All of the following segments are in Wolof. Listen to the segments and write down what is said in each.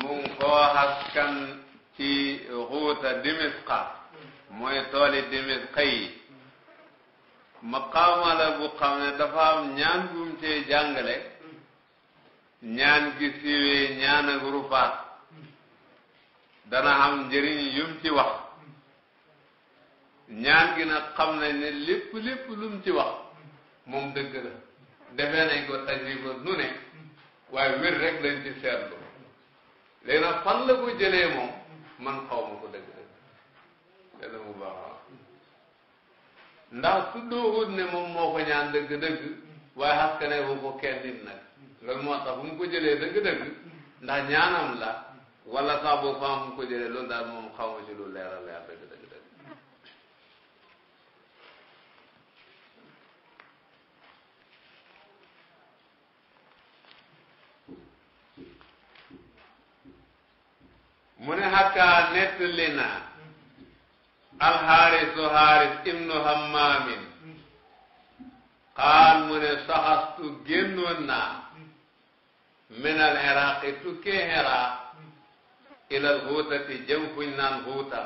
mu ngi koo haskan ci xuuta dimisqa mooy tooli dimisqa yi maqaama la bu xam ne dafa am ñaan gum cee jàngale ñaan gi siiwee ñaan ak rufaat dana am njëriñ yum ci wax ñaan gi nag xam ne ne lépp lépp lum ci wax moom dëgg la defee nañ ko tajriba nu ne waaye wér rek lañ ci seetlu léegi nag fan la ko jëlee moom man xaw ma ko dëgg-dëgg dana mu baax a ndax tuddoowut ne moom moo ko ñaan dëgg-dëgg waaye xaskane bu ko kenn nit nag loolu moo tax mu ko jëlee dëgg-dëgg ndax ñaanam la wala sax boo fa mu ko jëlee loolu daal moom xaw ma ci lu leer a leer mu ne hakka nettali na alxaarisu xaaris ibnu hammaamin xaal mu ne saxastu génnoon naa min al iraqi tukkee xiraq ilal huutati jëm fuñ naan huuta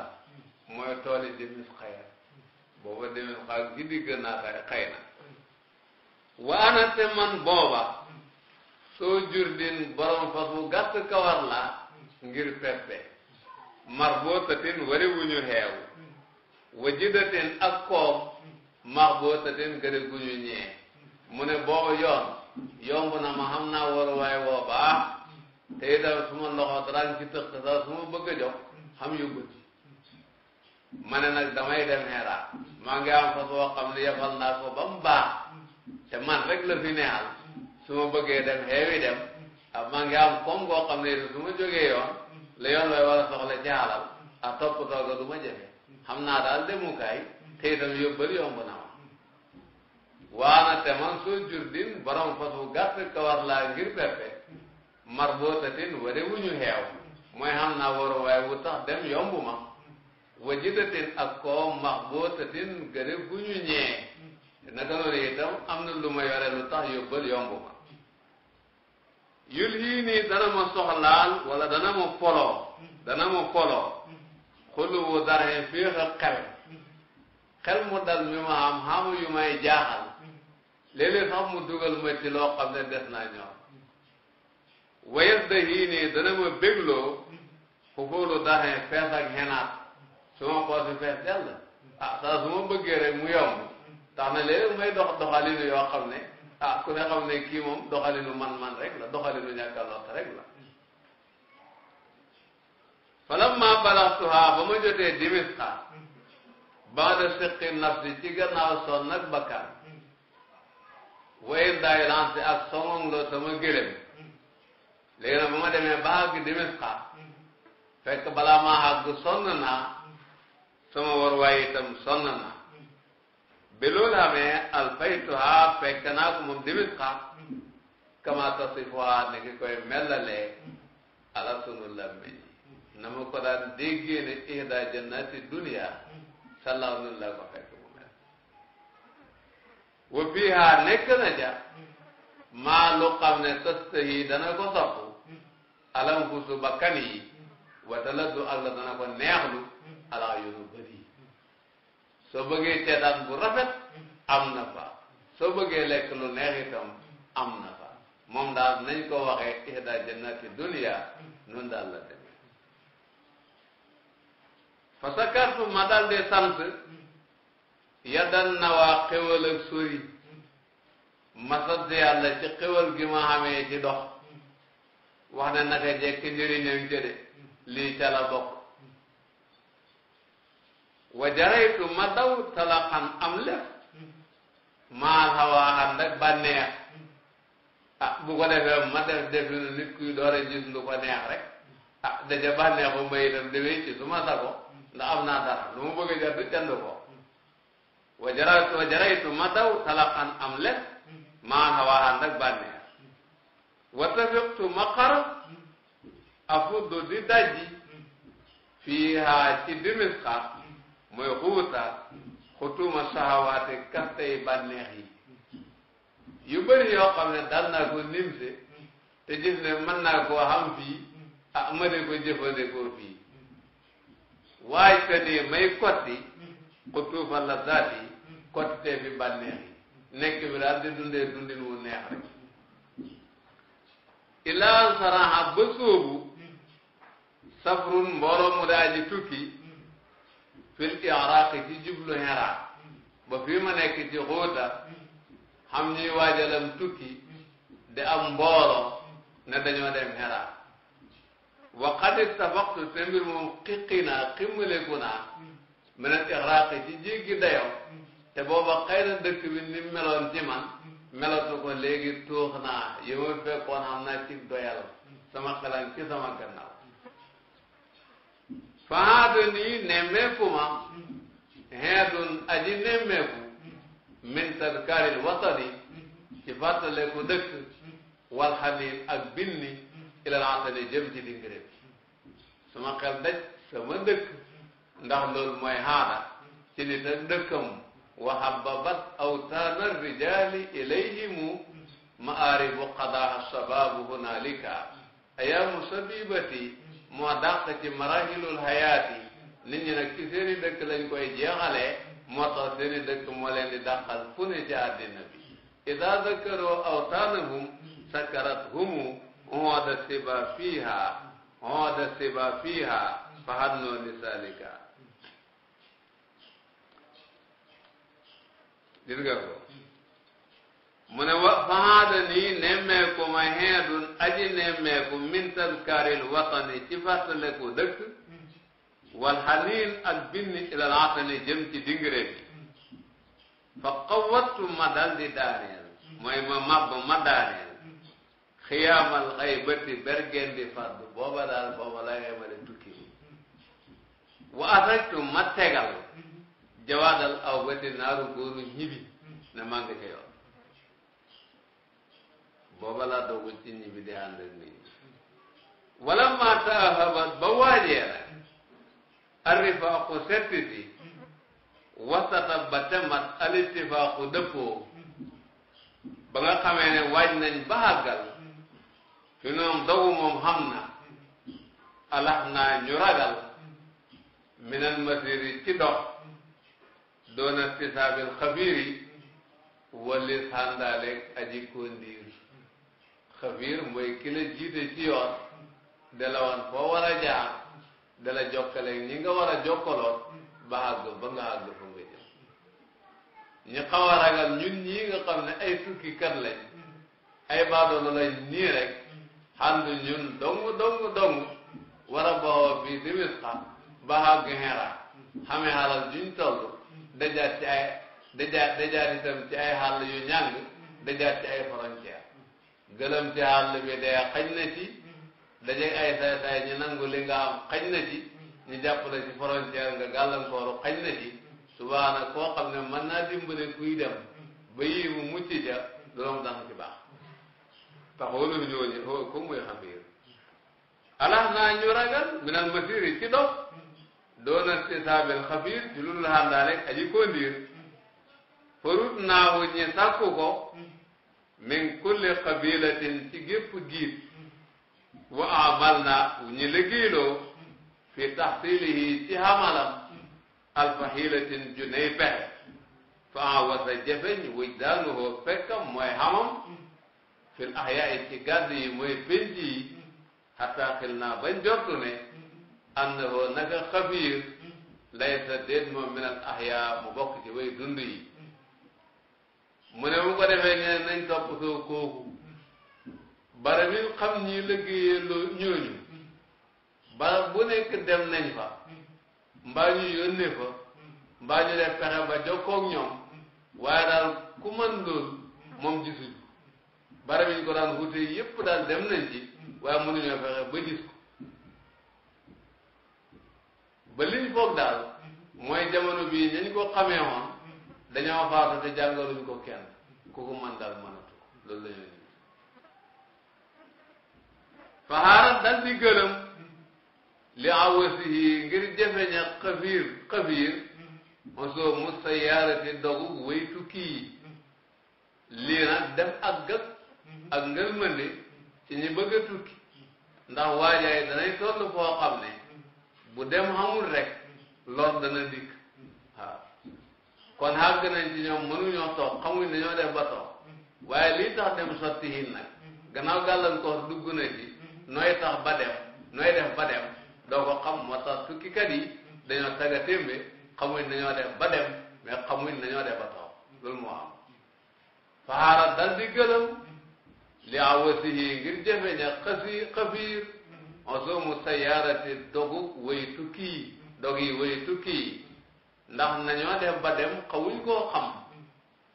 mooy tooli demis xayr booba demis xayr gi digg naa xay xay wa ana te man booba soo din borom fas bu gàtt kawar la ngir peppe marbotatin wari wu ñu xeew wajidatin ak koom marbotatin gëri gu ñu ñee mu ne boobu yoon yomb na ma xam naa waruwaay woo baax te itam su ma loxo daraan ci tëq sax su ma bëgg a jox xam yóbbu ma ne nag damay dem xeeraat maa ngi am fas woo xam ne yefal naa ko ba mu man rek la fi neexal su ma bëggee dem xeewi dem ah maa ngi am koom goo xam ne su ma yoon la yoon way war a soxla ci alal a topp dooga du ma jafe xam naa daal demukaay te itam yóbbal yomb na ma waana te man soo jur din borom fas wu gàtt kawar laa ngir peppe mar bootatin ware wu ñu xeew mooy xam naa waru waaye wu tax dem yomb ma wajitatin ak koo max bootatin gëre gu ñu ñee naka noonu itam am na lu ma yore lu tax yóbbal yomb ma yul yii nii dana ma soxlaal wala dana ma foloo dana ma foloo xulubu daree féex a xel xel mu dal mi ma am xamu yu may jaaxal léeg-léeg mu dugal ma ci loo xam ne des naa ñor wayes da yii dana ma bégloo xubóolu daree fees ak xenaat su ma xool si fees dell ah saa su ma bëggee mu yomb tax na léeg-léeg may dox doxalinu yoo xam ne Ah, ku ne xam ne kii moom doxalinu man-man rek la doxalinu ñàkk a lot rek la falamma balaxtuha ba ma jotee dimis xaar ba da siqi nafsi ci gannaaw son nag bakkan way daay lancé ak songong loo sama gélém léegi ba ma demee ba àgg dimis xaar fekk balaa maa àgg sonn naa sama war waay itam bi loolu amee alfaytuha fekk naa ko moom dimit xa kama tasifuha ni ki koy mellalee ala sunu lammiñ na ma ko daan déggee ne ihda jannati dunia sallaw nun la ko fekk mu mel wa fiha nekk na ja maa lu xam ne tastahi dana ko sopp alam fusu bakkan yi wa taladdu ak la dana ko neexlu ala yunub so bëggee seetaan bu rafet am na fa soo bëggee lekk lu neex itam am na fa moom daal nañ ko waxee ihda jannati dunia noonu daal la demee fa sakartu ma daal de sant yaddan na waa xewal ak sori ma sant yàlla ci xewal gi ma xamee ci wax ne naka jekk njëriñam jëde lii ca la wajaraytu ma talaqan am lef maal hawa ànd ak bànneex ah bu ko defee ma def nu nit kuy door a gis ko neex rek ah daja bànneexu may itam dewee ci su ma sago ndax am naa dara mu bëgg a jot du ko wajaraytu wajaraytu talaqan am lef maal hawa ànd ak bànneex watafiqtu ma afuddu di dajji fiiha ci dimis xar mooy xuuta xutuma saxawaate kaste yi bànneex yu bëri yoo ne dal naa ko nimse te gis ne mën naa fii ah ma de ko jëfandikoo fii waaye que ni may kotti xutuma la daat yi kottitee fi bànneex yi nekk bi di dundee dundin wu neex rek ilaa saraxa ba sóobu safrun mbooloo mu daa tukki fil iraq ci jublu iraq ba fii ma nekk ci xuuta xam ñuy waajalam tukki di am mbooloo ne dañoo dem iraq wa qad ittafaqtu te mbir moom xiqi naa ximmaleku naa min al iraq ci jéggi dayo te booba xëy na dëkk bi ni meloon ci man melatu ko léegi tuux naa yi ma fekkoon xam naa ci doyal sama xelan ci sama gannaaw faatu nii nemmeeku ma xeetun hmm. aji nemmeeku hmm. min tadkaril watani ci hmm. fàttaleku dëkk wal xanin ak binni ilal atani jëm ci dingire bi sama xel daj sama dëkk ndax loolu mooy xaada ci nit ak dëkkam wa hababat awtaana rijaali ilayhimu maaribu qadaa shababu hunalika ayaamu sabibati moo dàq ci marahilul hayaat yi nit ñi nag ci seeni dëkk lañ koy jeexalee moo tax seeni dëkk moo leen di dàqal fu ne ci àddina bi ida zakaroo awtaanahum sakarat humu hooda siba fiiha hooda siba fiiha fahannoo li salika gis nga ko mu ne wa fahaada nii nemmeeku ma xeedun aji nemmeeku min tazkaril watani ci fàttaleku dëkk wal xaniin ak binni ilal atani jëm ci dingire fa qawattu ma dal di daaneel mooy ma màbb ma daaneel xiyaamal xay bëtti bergen di fàddu booba daal booba tukki wa asajtu ma tegal jawaadal aw bëtti naaru góoru ñibi ne maa ngi booba laa doogu ci ñi bi di ànd ak nit ñi wala maataahabat ba waajee nag arrifaaku settiti wasata ba temat alittifaaku dëppoo ba nga xamee ne ba àggal fi noom dogu moom xam alax naa ñu ragal minal masiri ci dox doona tisaabil xabiiri walis xàndaaleeg aji kondiir xabiir mooy ki la jiite ci yoon delawan foo war a jaar dala jokkale ñi nga war a jokkaloon ba àgg ba nga àgg fa nga jëm ñu xaw a ragal ñun ñii ay tukki kat lañ ay baadoolo lañ nii rek ànd ñun dong dong dong war a bawoo fii di wisqa ba àgg xera xamee xalal juñ toll dajaat ci ay dajaat dajaat itam ci ay xàll yu ñàng dajaat ci ay frontière gëlëm ci àll bi dee xaj na ci dajeeg ay saay-saay ñu nangu li nga na ci ñu jàpp la ci frontière nga gàllankooru xaj na ci subaana koo xam ne mën naa dimbale kuy dem ba yii mu mucc ja loolu dana ci baax taxawlu ñooñu ko muy xabiir alax naa ñu ragal minal masiri ci dox doona si saabil xabiir ci lu la xàndaa rek aji ko ndiir farut ñi sàkku ko min kulli qabilatin ci gépp giit wa amal na ñu liggéeyloo fi taxsilihi ci xamalam alfahilatin junay pexe fa awasa jafeñ wijdaanuhu fekkam mooy xamam fil ahyaa ci gàdd yi mooy pénc yi xataa xil naa bañ jortu ne annahu naka xabiir laysa déet min ahyaa mu way dund mu ne bu ko defee ñeneen nañ topp soo kooku bara mi xam ñi liggéeyee loo ñooñu bara bu nekk dem nañ fa mbaa ñu yónnee fa mbaa ñu def pexe ba jokkoog ñoom waaye daal ku mën loolu moom gisuñ bara mi ñu ko daan wute yépp daal dem nañ ci waaye mënuñoo fexe ba gis ko ba liñ foog daal mooy jamono bii ñañ ko xamee woon dañoo faatu te jàngaluñ ko kenn ku ko mën daal mënatu ko loolu la ñuy indi faxaaral dal di gëlëm li awasihi ngir jafeñ a xafiir xafiir mosoo mu sayaarati dogu wéy tukki yi lii nag def ak gëg ak ngërmande ci ñi bëgg a tukki ndax waajaay danay toll foo xam ne bu dem xamul rek lor dana dikk kon àgg nañ ci ñoom mënuñoo toog xamuñ dañoo def ba toog waaye lii tax dem sotti hin nag gannaaw gàllankoor dugg na ci nooy tax ba dem nooy def ba dem doo ko xam moo tukkikat yi dañoo taga témbe xamuñ dañoo def ba dem mais xamuñ dañoo def ba toog loolu moo am faxaara dal di gëlëm li awasihi ngir jëfe ña xasi xafiir osoomu sayaarati dogu way tukki yi dog tukki ndax nañoo def ba dem xawuñ koo xam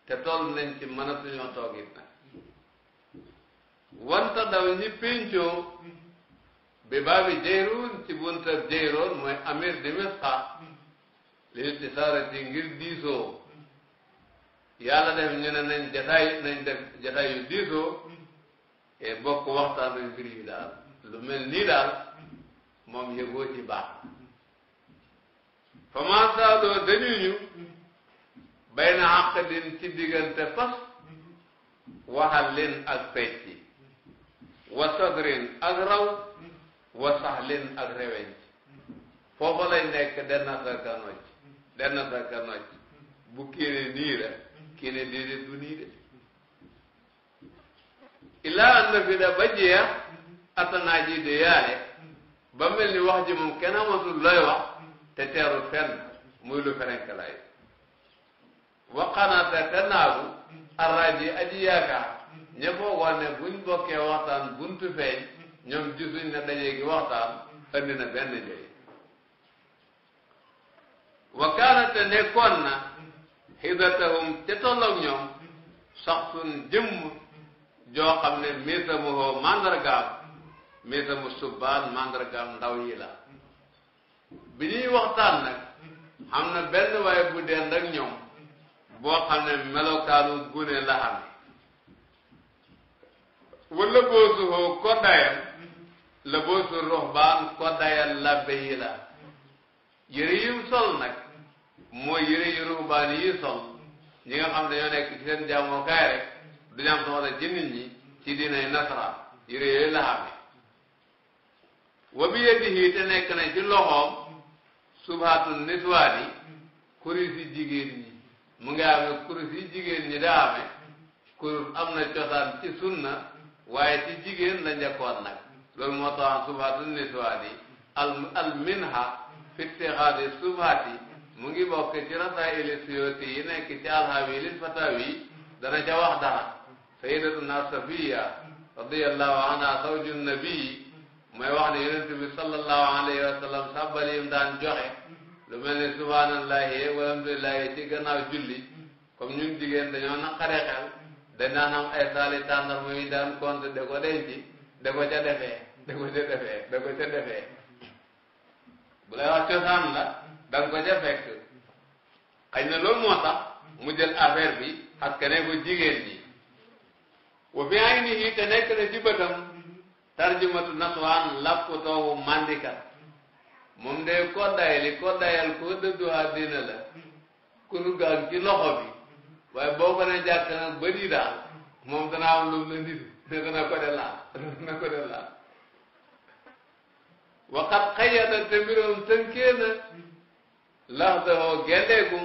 te toll nañ ci mënatuñoo toog it nag wanta daw ñi péncoo bi baabi jayroon ci bunta jayroon mooy amir di misqa li ci ci ngir diisoo yàlla def ñu ne nañ jataay nañ def jataay yu diisoo e bokk waxtaanu mbir yi daal lu mel nii daal moom yëgoo ci baax comment ça doo dañuy ñu bay na xàq din ci diggante fas waxal leen ak pecci wa sadrin ak raw wa sax leen ak reweñ foofa lay nekk denn sarka nocc denn sarka nocc bu kéne nii la kéne déedéet du nii de ilaa an na fi da ba jeex atanaa ji de yaale ba mel ni wax ji moom kenn amatul looy wax te teeru fenn muy lu fenenk lay waqanaate te naagu arraji aji yaakaar ña foogoon buñ bokkee waxtaan buntu feeñ ñoom gisuñ ne dajee gi waxtaan andi na benn njëy wakaanate nekkoon na xidatahum ca tolloog ñoom saxsun jëmm joo xam ne miitamu hoo mandargaam miitamu subbaan mandargaam ndaw yi la bi ñuy waxtaan nag am na benn waaye bu dend ak ñoom boo xam ne melokaanu gune la xam wala boosuhoo ko dayal la boosu ruhbaan ko dayal yi la yëre yim sol nag mooy yëre yu ruhbaan yi sol ñi nga xam ne nekk ci seen jàmmookaay rek duñu am soxla ci nit ñi ci diinay nasara yëre yooyu la wa bi yadihi te nekk na ci loxoom subhaatul niswaat yi kuris yi jigéen ñi mu ngi amee kuris jigéen ñi daa amee am na cosaan ci sunna waaye ci jigéen la njëkkoon nag loolu moo taxoon subhaatul niswaat yi al al minha fi itixaadi subhaat yi mu ngi bokk ci rasaa'ili suyuuti yi nekk ci alhaawili fataawi dana ca wax dara sayyidatuna Safiya radiyallahu anha zawju nabii mooy wax ne yonent alayhi wa sallam sàbbal yi mu daan joxe lu mel ne subhanallahi walhamdulillahi julli comme ñun jigéen dañoo naqare xel dañ daan am ay saali tàndar daan compte da ko denc da ko defee da ko ca defee da defee bu lay cosaan la da fekk xëy na loolu moo mu jël affaire bi parce que ne jigéen ñi wa fi ay nit yi te nekk na ci tarjumatu naswaan lapputoowu mandika moom de kodday li koddayal koo dëddu àddina la kunu gaan ci loxo bi waaye boo ko ne jàkk nag ba di daal moom dana am lu mu ne ko na ko de laal na ko de laal waxat xayata te mbiroom tënkee na lax dahoo gendeeku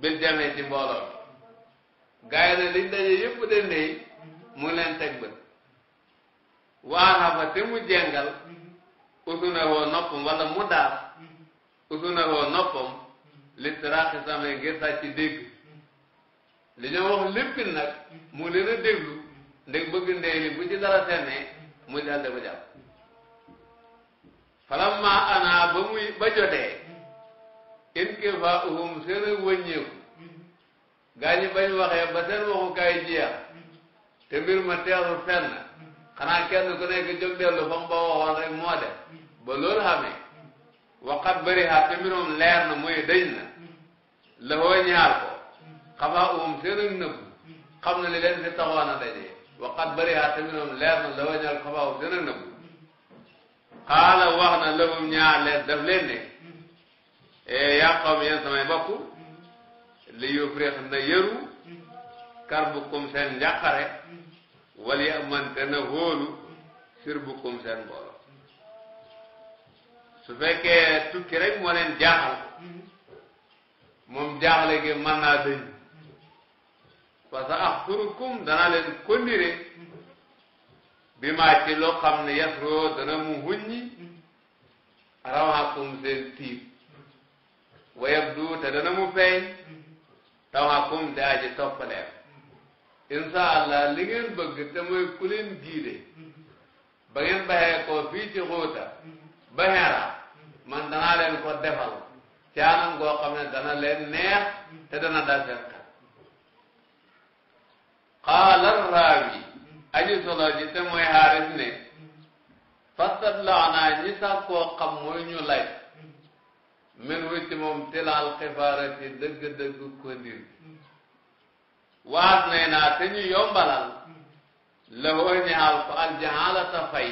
bil jamee ci mbooloo bi gaay na liñ daje yëpp de ney mu leen teg bët waaraba te mu jengal mm-hmm. usuna woo noppam wala mu daar mm-hmm. usuna woo noppam li taraxi samay ngir sàcc dégg mm-hmm. li ñu wax léppin nag mu leen a déglu ndeg bëgg ndee li bu ci dara sennee mu dal dafa jàpp falamma ana ba muy ba jotee in fa uhum seen ak wëññeeku gaa ñi bañ waxee ba seen waxukaay jeex te mbir ma teeru fenn xanaa kenn ku nekk jóg dellu fa mu ba waxoon rek moo de ba loolu xamee waxat bëri xaat te mbirum leer na mooy dëñ la foo ñaar ko xafaa um seen ak nëbbu xam na li leen fi taxoon a daje waxat bëri xaat te mbirum leer na la foo ñaar ko xafaa um seen ak nëbbu wax na lëfum ñaar leen daf leen ne e yaa qawm yéen samay bokk li yu préex na yëru kar bu kum wal yamante na wóolu firbukum seen mbooloo su fekkee tukki rek moo leen jaaxal moom jaaxle gi mën naa dëñ parce que ak turukum danaa leen bi maa ci loo xam ne yasroo dana mu huññi rawaxakum seen tiir wayab du te dana mu feeñ rawaxakum te aji toppaleer insha allah li ngeen bëgg te mooy ku leen giide ba ngeen baxee koo fii ci xuuta ba xeera man danaa leen ko defal ci anam goo xam ne dana leen neex te dana dal seen qaala raawi aji solo ji te mooy xaaris ne fastadlaanaa ñi sax koo xam mooy ñu lay min wu ci moom tilaal xibaarati dëgg-dëgg ko ndir waat nay naa te ñu yombalal la hoo ñaal ko aljahalata fay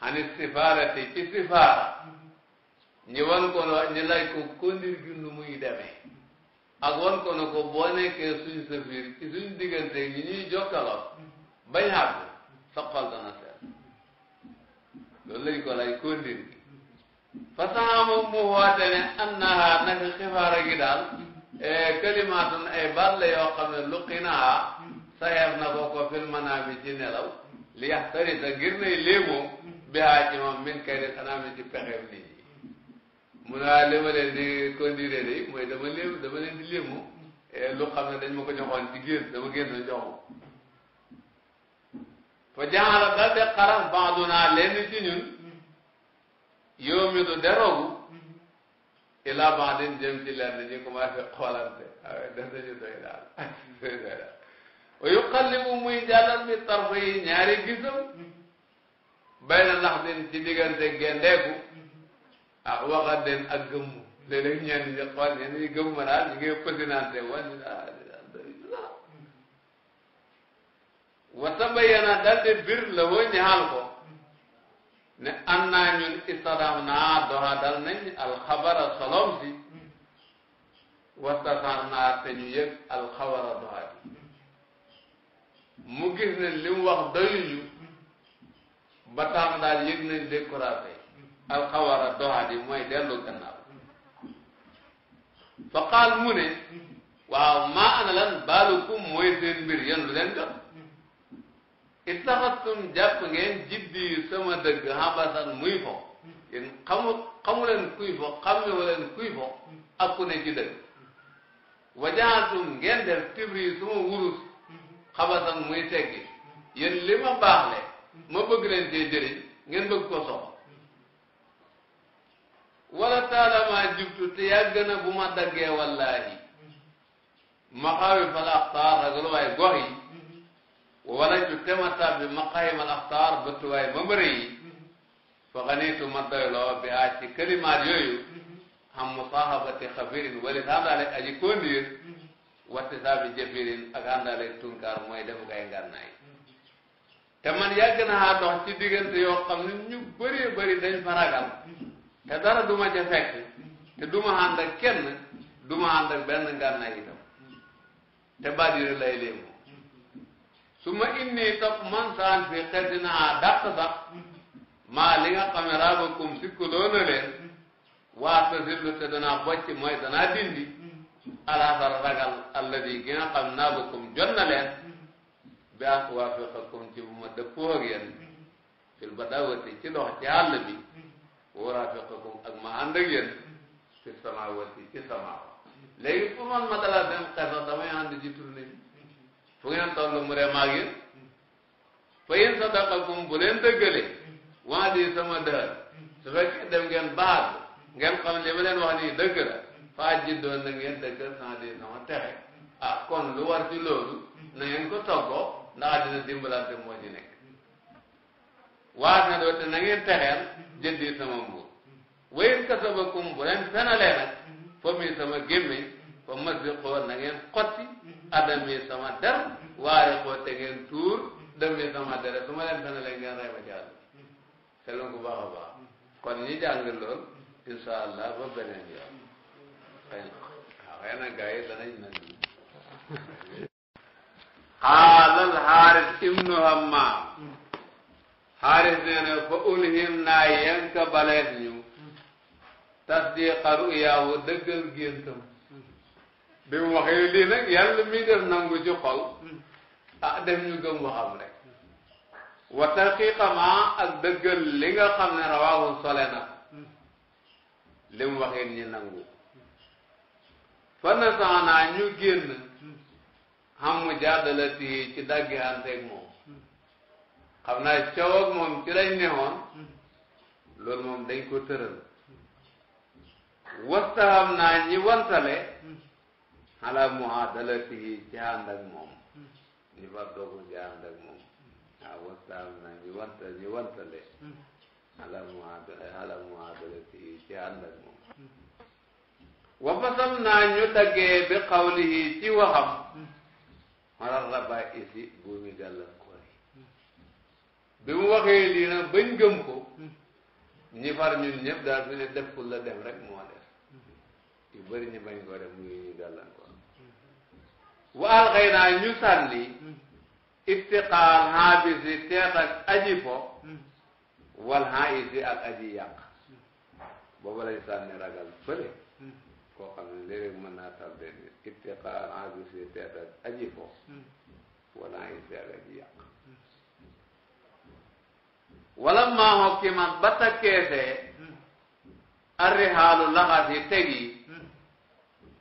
xan istifaarati ci sifaara ñi wan ko no ñi ko kondir gi nu muy demee ak wan ko ko boo nekkee suñ sa biir ci suñ diggante ñi ñuy jokkaloo bañ xàgg sa xol dana seet loolu lañ ko lay kondir gi fasaxa moom mu woote ne annaha naka xifaara gi daal E, kalimaatun ay baat la yoo xam ne luqinaa saxeef na ko ko fil manaami ci nelaw li yax sa ngir nay léemoo bi haa ci moom min kay des anaami ci pexeem nit ñi mu ne waaye li ma leen di condire day dama léem dama leen di léemoo e, lu xam ne dañ ma ko joxoon ci génn dama génn joxu fa jaala dal de xaram baadunaa lenn ñun yow mi du deroogu ila baadin jëm ci lenn ñu commencé xoolante waaye def nañu doy daal doy daal wa yuqallibu muy jàllal mi tarfa yi ñaari gisam bay na nax din ci diggante gendeeku ah waxa den ak gëmmu léeg-léeg ñenn ñi xool ñenn ñi gëmmu ma daal ñu ngi pësinante wàññi daal wa tabayyana daal de bir la woo ñaal ko ne am naa ñun istadam naa doxadal nañ alxabara solom si wastasan naa te ñu yëg alxabara doxadi mu gis ne li mu wax doyuñu ba taam daal yëg nañ découragé alxabara doxadi mooy dellu gannaaw fa qaal mu ne waaw maa ana lan baalukum mooy seen mbir yéen lu leen jot ittaxattum jàpp ngeen jiddi sama dëgg habasan muy fo yéen xamu xamu kuy fo xamu leen kuy fo ak ku ne ci dëgg wajaatum ngeen def tibri sama wurus xabasan muy teggi yéen li ma baaxle ma bëgg leen ngeen bëgg ko soxla wala taalamaa jubtu te yàgg bu ma daggee wallaahi ma xawi falaax taax ak lu waaye wala ju temata bi maqaayim al axtaar bëttuwaay ma bëri yi fa xaniitu ma doyloo bi aa ci kalimaat yooyu xam musaahabati xabirin wala àndaale aji kondiir watti saabi jabirin ak àndaale tunkaar mooy def ay ngànnaay te man yàgg naa dox ci diggante yoo xam ne ñu bëree bëri dañ fa ragal te dara du ma ca fekk te du ma ànd ak du ma ànd ak benn ngànnaay itam ba baat yi lay léemu su ma topp man saan fi xet dinaa dàq maa li nga xam ne raabakum sikkuloo na leen waata sillu te danaa bocc mooy danaa dindi alaasar ragal alladi gi nga xam naabakum jot leen bi ak waafiqakum ci bu ma dëppoo ak yéen fil badawati ci dox ci àll bi wa raafiqakum ak ma ànd ak yéen fi samawati ci samaawa léegi fu man ma dalaa seen xet sax damay ànd ci tournée fu ngeen toll mu ne maag yéen fa in sadaqakum bu leen dëggalee wax di sama dëhër su fekkee dem ngeen baal ngeen xam li ma leen wax nii dëgg la faa ji doon na ngeen dëggal di sama texe ah kon lu war ci loolu na ko toggoo ndax dina dimbalante moo ci nekk waat na doote na ngeen texeel jëndi sama mbuur wayin kasabakum bu leen fenalee nag fa mi sama gémmiñ ba ma bi xool na ngeen xotti mhm. adami sama der mhm. waaye xool te ngeen tuur mhm. dami sama der leen dana leen ngeen rey ma jàll xelon ku baax a baax kon ñi jàng lool insha allah ba beneen yoon xëy na ah, xëy na gars yi danañ na ñu xaalal xaaris ibnu hammaam xaaris nee na fa ulhim naa yenka baleet ñu tasdiqa ruyahu dëggal géntam bi mu waxee lii nag yàlla mi def nangu ci xol hmm. ah def ñu gëm waxam rek wa taqiqa ma ak dëggal li nga xam ne rawaahu sole na hmm. li mu waxee ñi nangu fa nasaanaa ñu génn hmm. xam mu jaadalati ci daggi anteeg moom xam naa coow moom ci lañ newoon loolu moom dañ ko tëral wastaham naa ñi wantale ala muadalatihi ci ànd moom ñi fa dogu ci ànd moom waaw wastaam na ñi wanta ñi wantale ala muadala ala muadalatihi ci ànd ak moom wa fasam naa ñu daggee bi xawlihi ci waxam xolal bi mu waxee lii nag bañ gëm ko ñi far ñun ñëpp daal fi ne def la dem rek moo def yu bëri ñu bañ ko def muy wa alxaynaa ñu sànni iftiqaar haabisi teet ak aji fo wal haisi ak aji yàq booba lañ sànni ragal fële koo xam ne léeg-léeg mën naa tardé nit iftiqaar haabisi teet ak aji fo wal haisi ak aji yàq wala maa hokkiman ba takkeesee arrihaalu laxas yi tegi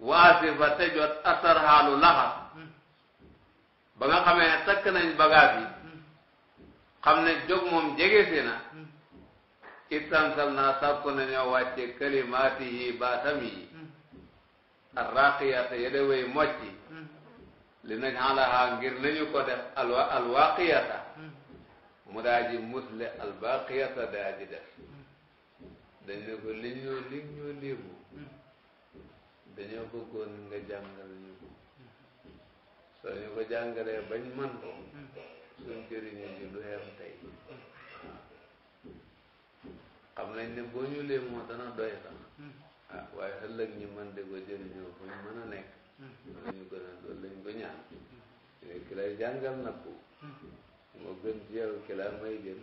waasi fa te jot asarhaalu laxas ba nga xamee takk nañ bagaas yi xam ne jóg moom jege si na istansal naa sàkku nañoo wàcce kalimaati yi baatam yi arraqiyata yede way mocci li nañ xalaha ngir nañu ko def alwa alwaqiyata mu daa ji musle albaqiyata daa ji def dañ ne ko li ñoo li ñoo léemu dañoo bëggoon nga jàngal ñu soo ñu ko jàngalee bañ man ko hmm. suñ jëriñu ji du tey xam ne boo ñu moo dana doy sax hmm. ah, waaye ëllëg ñi man di ko jëriñoo fu ñu mën a nek lañu hmm. gën a loolu lañ ko ñaan mais na ko moo gën ci yow ki may jën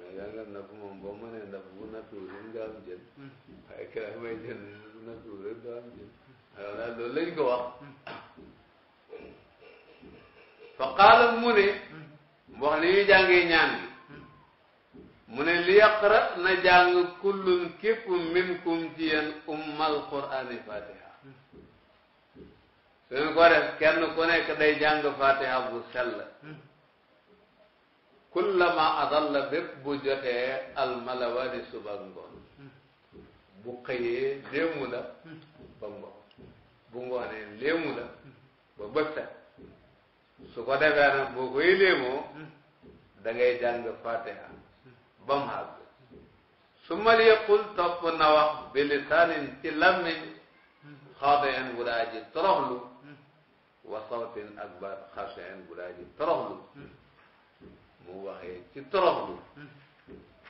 mais jàngal na ko moom boo mënee ndax bu nattuwul rek nga am jën waaye ki la may bu nattuwul rek nga am jën alors loolu lañ ko fa qaala mu ne wax ni ñu jàngee ñaan gi mu ne li yaqra na jàng kullun képp minkum ci yéen ummal qur'ani fatiha suñu ko def kenn ku nekk day jàng fatiha bu sell kullama adalla bépp bu jotee almalawa di suba ngoon bu xëyee léemu la ba ngoon bu ngoonee léemu la ba bëgg su ko defee nag boo koy léemoo hmm. da ngay fatiha ba mu àgg su ma yëqul topp wax bi lisaanin ci lammiñ hmm. xaadiin bu daa ji toroxlu ak baat xaasiin bu daa ji mu waxee ci toroxlu hmm.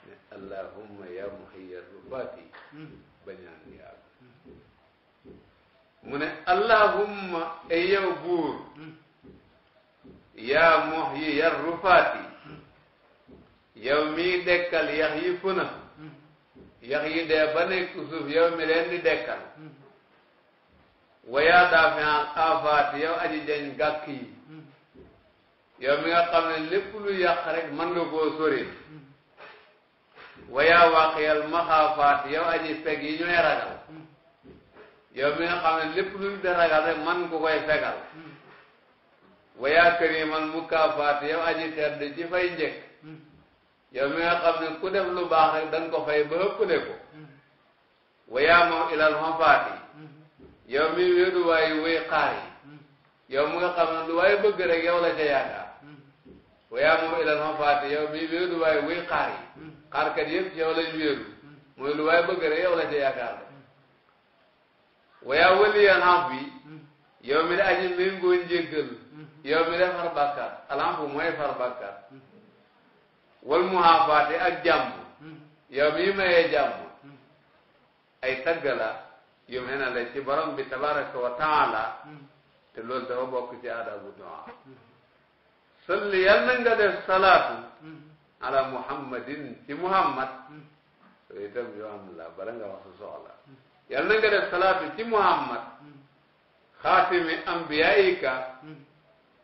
ne allahumma ya muhiya rufaati ba ñaan mu ne allahumma ay yow yaa muhyi yar rufaati yow mii dekkal yax yi funa yax yi dee ba nekk suuf yow mi leen di dekkal wa yaa daafi an aafaati yow aji jañ gàkk yi yow mi nga xam ne lépp lu yàq rek mën nga koo sori wa yaa waqiyal maxaafaati yow aji peg yi ñooy ragal yow mi nga xam ne lépp lu ñu de ragal rek mën nga koy fegal wayaa kariman mukaafaat yow aji tedd ci fay njëkk hmm. yow mi nga xam ne ku def lu baax rek da ko fay ba ëppale ko hmm. wayaa hmm. moom ilal mafaat yi yow mi wéeru waayu wéy xaar yi yow mi nga xam ne lu wa bëgg rek yow la ca yaakaar wayaa moom ilal mafaat yi yow mi wéeru waayu wéy xaar yi xaarkat yëpp ci yow lañ wéeru mooy lu waaye la ca yaakaar la wayaa wëli yan xaf yow mi de aji may ngoon jéggal mhm. yow mi de far bàkkaar alambu mooy far bàkkaar wal muhaafaate ak jàmm mhm. yow mi mayee jàmm mhm. ay taggala yu mel na la ci borom bi tabaraka wa taala te loolu dafa bokk ci adabu doa salli yàlla nga def salaatu ala muhammadin ci muhammad so itam yoo am la bala nga wax su soxla yàlla nga salaatu ci muhammad xaatimi ambiyaayika hmm.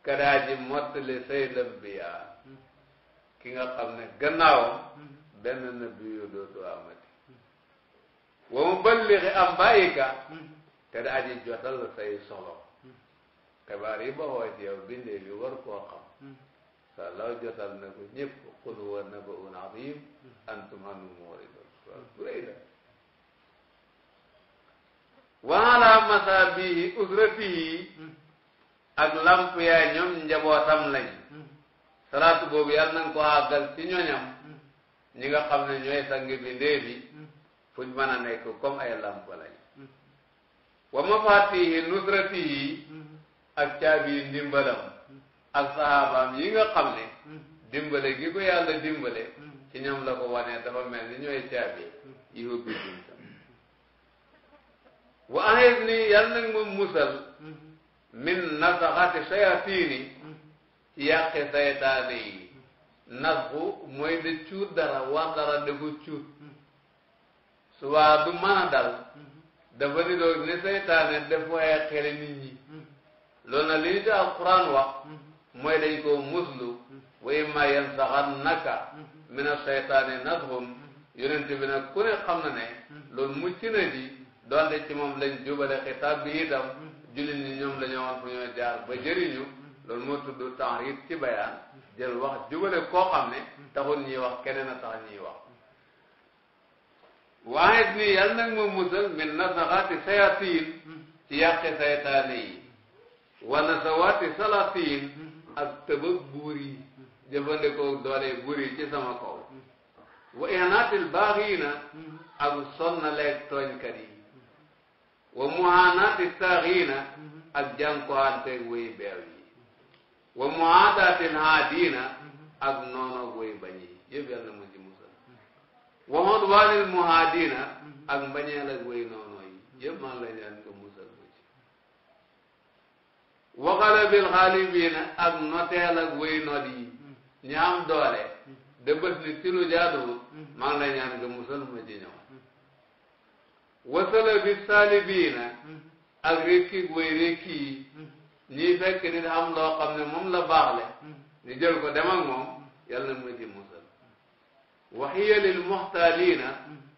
kadaaji mottali sayid ambiyaa hmm. ki nga xam ne gannaawam hmm. benn nabi yu dootu amati wa mu ballixi ambaayika kadaaji jotal say solo xibaar yi baxoo ci yow bindee bi war koo xam sa law jotal na ko ñëpp qul huwa nabaun azim antum anhu muridun waala masaabihi usratihi hmm. ak lamp yaay ñoom njabootam lañ hmm. salaatu boobu yàlla nañ ko àggal ci ñoñam hmm. ñi nga xam ne ñooy sangi bi ndéebi fuñ mën a nekk comme ay lamp lañ wa mafaatihi nusratihi ak caabi ndimbalam ak sahabaam yi nga xam ne dimbale gi ko yàlla dimbale ci ñoom la ko wanee dafa mel ni ñooy caabi yi hubbi wa ahid nii yàlla nag ma musal min nasaxati sayatini ci yàqi saytaane yi nasxu mooy de cuut dara war dara da ko cuut subaa du mën a dal dafa ni doog ni saytaane dafay xere nit ñi loolu nag li ñu te alquran wax mooy dañ koo muslu wa imma yansaxannaka min asaytaani nashum yonente bi nag ku ne xam na ne loolu mucc na di donte ci moom lañ jubale xitaab bi itam jullit ñi ñoom la ñëwoon fu ñoo jaar ba jëriñu loolu moo tudd tahriir ci bayaan jël wax jubale koo xam ne taxul ñuy wax keneen a tax ñuy wax waaye nii yàlla nag ma musal min nasaxaati sayatiin ci yàqi saytaane yi wa nasawaati salatiin ak tëbëg buur yi jëfandikoo doole buur ci sama kaw wa inaatil baaxiina ak sonnaleeg tooñkat yi wa muhanati saaxiina ak jànkuwanteeg way beew yi wa muhadatin haadiina ak noonoog way bañ yi yëpp yàlla mën ci musal wa udwaanil muhaadiina ak mbañeel ak way noono yi yëpp man la musal mu ci wa xalabil xaalibiina ak noteel ak way not yi ñi doole dëbët ni ci lu jaaduwul man la ñaan nga musal ma ci ñoom wasala bi saalibiina mm-hmm. ak rékki way rékki yi mm-hmm. ñiy fekk nit am loo xam ne moom la baaxle mm-hmm. ñu jël ko dem moom yàlla na mën ci musal waxiya lil muxtaaliina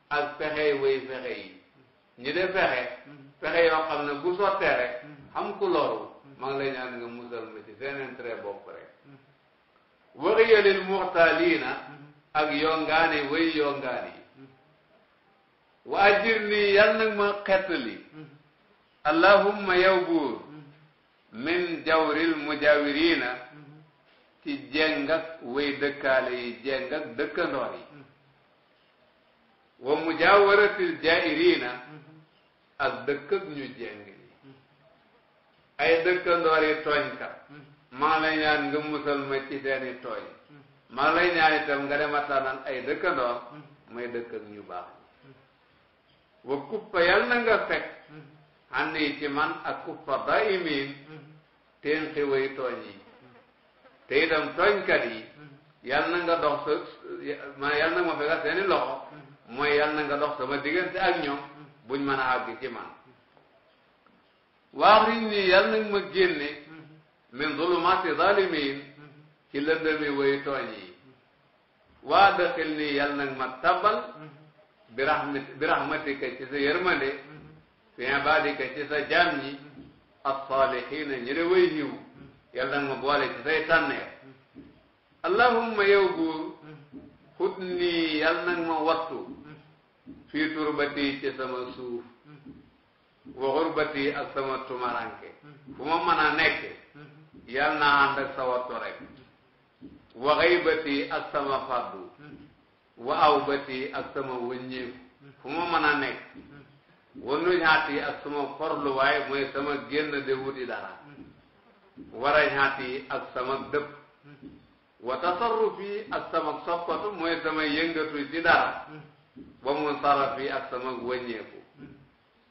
ak pexey way fexe yi ñi de fexe fexe yoo xam ne bu sottee rek ku loru maa ngi lay ñaan nga musal ma seen intérêt bopp rek waxiya lil muxtaaliina ak yongaani way yongaani wa ajir nii yal nag ma xettali allahumma yow buur min jawril mujawirina ci jeng ak way dëkkaale yi jeng ak dëkkandoor yi wa mujawaratil jairina ak dëkk ñu jeng yi ay dëkkandoor yi tooñ ka maa ngi lay ñaan nga musal ma ci seeni tooñ maa ngi lay ñaan itam nga dema tànnal ay dëkkandoor may dëkk ñu baax Hmm. Hmm. Hmm. wa kuppa yal na nga fekk xam ni ci man ak kuppa daimiin teen xi way tooñ yi te itam tooñkat yi yal na nga dox sa yal na ma fekk seeni loxo mooy yal na nga dox sama diggante ak ñoom buñ mën a àgg ci man waax riñ nii yal na ma génne min zulumaati zalimiin ci lëndëmi way tooñ yi waa dëxil nii yal na ma tabal bi rahmi bi rahmatika ci sa yërmande fi ibadika ci sa jaam ñi assalihina ñu de way yiw ma boole ci say tànneer allahumma yow buur xut nii yàlla ma wattu fii turbati ci sama suuf wa xurbati ak sama tumaranke fu ma mën a nekk yàlla naa sa wattu rek wa xaybati ak sama faddu wa aw bati ak sama wëññeeku fu mën a nekk wanuñ xaat yi ak sama forluwaay mooy sama génn de wuti dara warañ xaat yi ak sama dëpp wa tasarruf yi ak sama soppatu mooy sama yëngatu ci dara ba mu saraf yi ak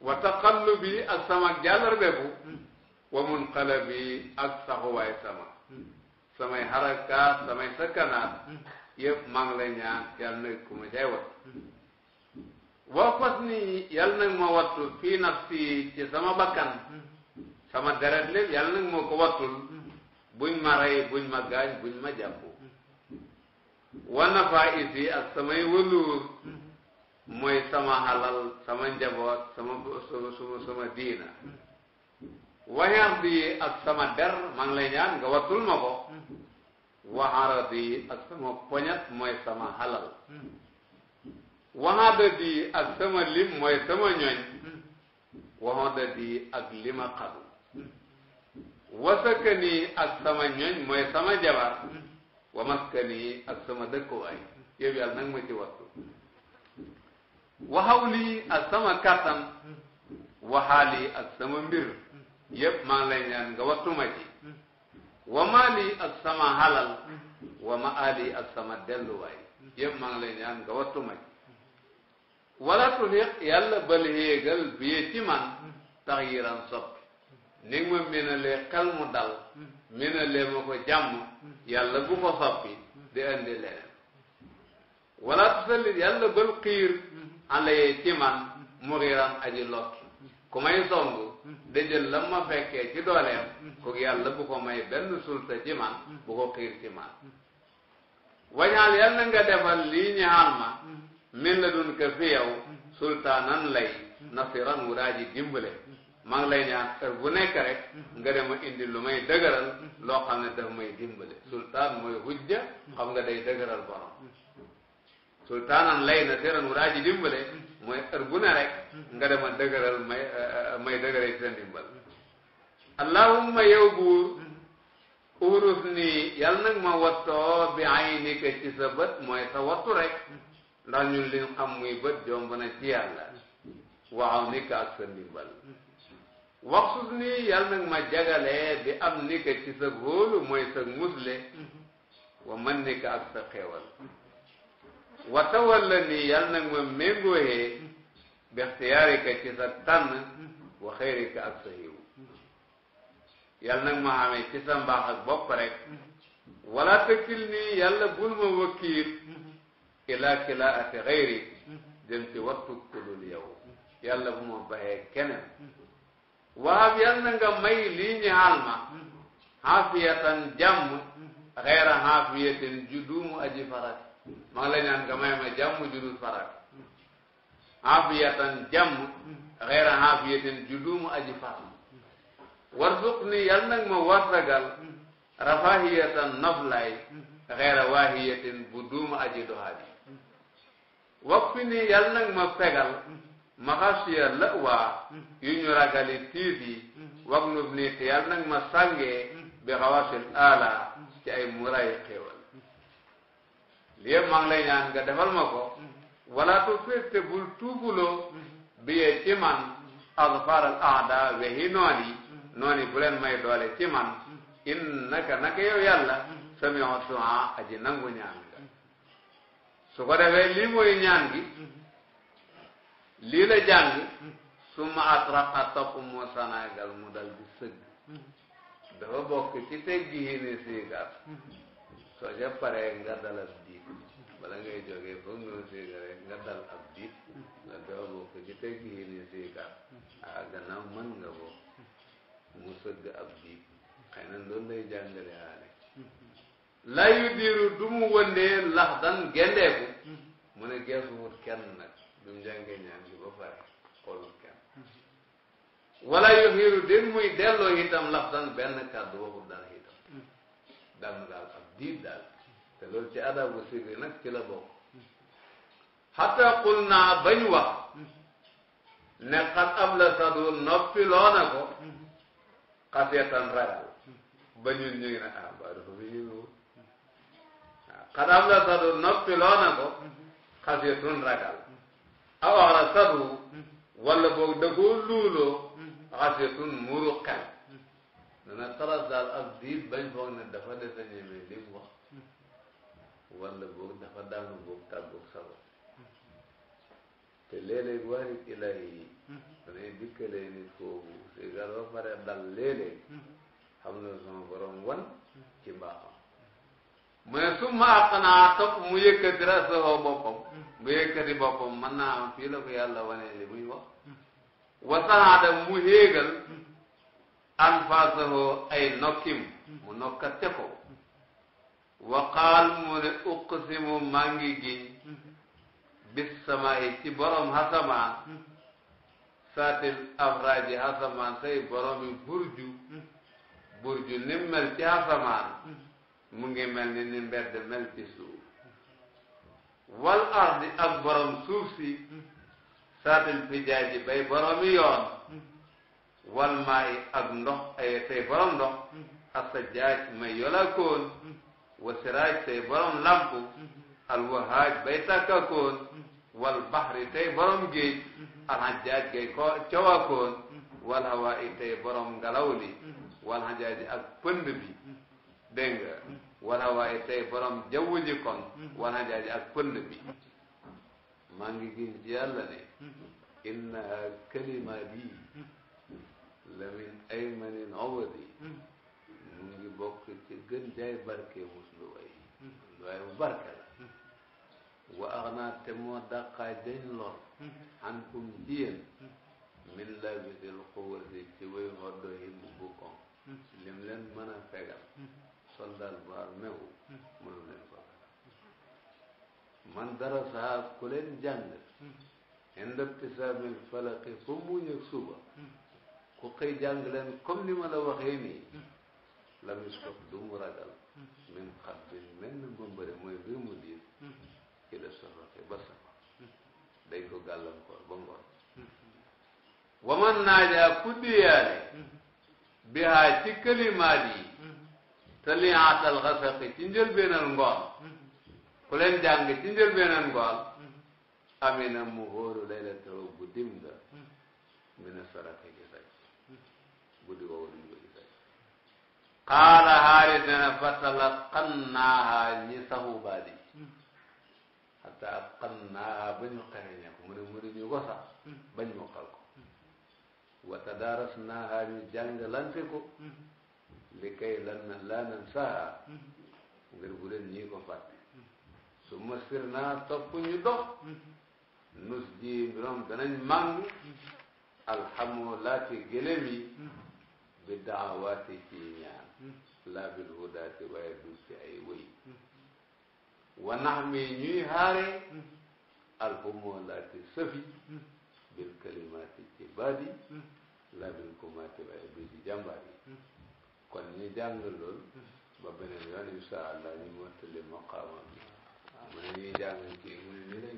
wa taqallub yi ak sama jàllarbeku wa munqalab ak saxuwaay sama samay xarakaat samay sakkanaat yëpp maa ngi lay ñaan yàlla nag ku ma cay wat boo fas nii yàlla nag ma wattu fii ci sama bakkan sama deret lépp yàlla nag moo ko wattul buñ ma rey buñ ma gaañ buñ ma jàpp wa nafa isi ak samay wëluur mooy sama halal sama njaboot sama sama sama diina wañaar bi ak sama der maa ngi lay ñaan nga wattul ma ko waxaarati yi ak sama poñat mooy sama halal hmm. waxaarati yi ak sama lim mooy sama ñoñ hmm. waxaarati yi ak lima xadu hmm. wasakani ak sama ñoñ mooy sama jabar wa maskani ak sama dëkkuwaay yow yàlla ma ci wattu waxawli ak sama waxaali ak sama mbir yépp maa la lay ñaan nga wattu ma ci wamaali ak sama halal hmm. wama ali ak sama delluwaay yëpp maa ngi lay nga wattu ma wala tuhiq yàlla bal héegal biye ci man hmm. tax yiran soppi hmm. ni ma ménalee xel mu dal ménalee ma ko jàmm yàlla bu ko soppi di andi leneen wala tusallit yàlla bal xiir alayee ci man muriran aji lokki ku may song da jël la ma fekkee ci dooleem kooku yàlla bu ko may benn sulta ci man bu ko xiir ci man wañaal yàlla nga defal lii a ma min la dun ka fi yow sultaanan lay nasiran wu daa ji dimbale maa ngi lay ñaan heure bu nekke rek nga dem a indi lu may dëgëral loo xam ne daf may dimbale sultaan mooy hujja xam nga day dëgëral borom sultaanan lay nasiran wu daa ji mooy heure bu ne rek nga dema dëgëral may euh, may dëgëral ci urus nii yàlla nag ma wattoo bi aynika ci sa mooy sa wattu rek ndax ñun liñ xam muy bët jomb na ci yàlla waaw ni ka ak sa ndimbal waxtu nii yàlla nag ma jagalee bi am ni ci sa góolu mooy sa musle wa man ni ka ak sa xéewal wata walla nii yal nag ma méngooyee bi ixtiyaarika ci sa tànn wa xayrika ak sa yal nag ma xamee ci sa mbaax ak bopp wala tëkkil nii yàlla bul ma wakkiir ilaa kilaa ati xayri ci wattu ku dul yow bu ma baxee keneen waab yal na nga may lii ñu xaal ma xaafiyatan jàmm xayra xaafiyatin ju aji farat maa la ñaan nga may ma jàmm ju dul farak aafiyatan jàmm xeera aafiyatin ju duumu aji far warzuq ni yal nag ma wartagal rafahiyatan noflaay xeera waahiyatin bu duumu aji doxaat yi wakfi ni yal nag ma fegal maxasiya la waa yu ñu ragali tiit yi wagnub ni te yal nag ma sàngee bi xawasil aala ci ay muraay xew yëpp maa ngi ñaan nga defal ma ko mm-hmm. wala tu féete bul tuubuloo mm-hmm. biyee ci man azfaral aada wehi noon yi mm-hmm. noon bu leen may doole ci man in naka naka yow yàlla samion suha aji nangu ñaan nga su ko defee lii mooy ñaan gi lii la jàng su ma atraqa topp mu sanaagal mu dal di sëgg dafa bokk ci teggi yi ni siigar soo ca paree nga dalal bala ngay jógee foog nga siiga rek nga dal ab diit nga doo bokk ci tegg yi ni siiga ah gannaaw mën nga ko mu sëgg ab diit xëy na loolu lay jàngale aale laa yu diiru du mu wëndee lax dan gendeeku mu ne geesu wut kenn nag du mu jàngee ñaan gi ba pare xoolul kenn wala yu xiiru den muy delloo itam lax dan benn kàddu waxul dara itam dal na daal ab diit daal te lool ci adabu sirri nag ci la bokk xataa qul naa bañ wax ne xat am noppi loo na ko xaseetan ragal ba ñun ñu ah, ba dafa bi ñu waaw xat am noppi loo na ko xaseetun ragal aw ala sadu wala boog da koo luuloo xaseetun muru xel dana taras daal ab diir bañ foog ne dafa dese ñemee li wax walla boog dafa daanu boog tàggoog sabab te léeg-léeg waarit ilahi yi danay dikkalee nit foofu sigal ba pare dal léeg xam na sama borom wan ci mbaaxam mu ne su ma xanaa topp mu yëkkati rasoo boppam mu yëkkati boppam mën naa am fii la ko yàlla wanee li muy wax wasanaada mu héegal an fasahoo ay nokkim mu nokkat ca waqaal mu ne uqsimu maa ngi giñ bis ci borom hasamaan saatil afraaji hasamaan say boromi burju burju ni mel hasamaan mu ngi mel ni ni mbedd mel ci suuf wal ardi ak borom suuf si saatil fijaaji bay boromi yoon wal maayi ak ndox ay say borom ndox asa jaaj may yola koon wa siraaj tey borom lampu alwahaaj bay tàkkakoon wal bahri tey borom géej alhajjaaj gay ko cowaakoon wal hawaa'i tey borom ngelaw li wal hajjaaj ak pënd bi dégg nga wal hawaa'i tey borom jaww ji wal hajjaaj ak pënd bi maa ngi inna kalima bi la min aymanin obadi ñu ngi bokk ci gën jaay barke muslu way waaye bu barke la wa ax naa te moo dàqaa jañ lor xan kum ci yéen min labisil xuwasi ci way xoddo yi mu bu koŋ lim mën a fegal soldat bu armewu mënu man dara sax ku leen jàng inda ibtisaabil falaqi fa muñ ak ku xëy jàng leen comme ni ma la waxee lam yusuf du mu ragal mm-hmm. min xat bin menn bëmbëre mooy mbir mu diir ila mm-hmm. soxote ba sama mm-hmm. dañ ko gàllankoor ba ngoon waman naajaa ku diyaale bihaa ci kalimaat yi te liaatal xasaqi ci njëlbeenal ngoon ku leen jàng ci njëlbeenal ngoon amina mu qaala xaaris ne na fatalaqannaaha ñi saxu baat yi hatta atqannaaha ba ñu xereñe ko mu ne mu ne ñu ko sax bañ mokkal ko wa tadaarasnaaha ñu jàngalante ko li kay lan laa nansaha ngir bu leen ñii ko fàtte su ma sir naa topp ñu dox nus ji mbirom danañ màng alxamu laati gëlëm yi bi daawaati ci ñaan laa bil hudaati waaye du ci ay wëy wa nax mi ñuy xaare alxumulaati sëfi bil kalimaati ci baadi laa bil kumaati waaye du ci jàmbaar yi kon ñu jàng lool ba beneen yoon insha allah ñu mottali maqaama bi mu ñuy jàng kii mu ne ni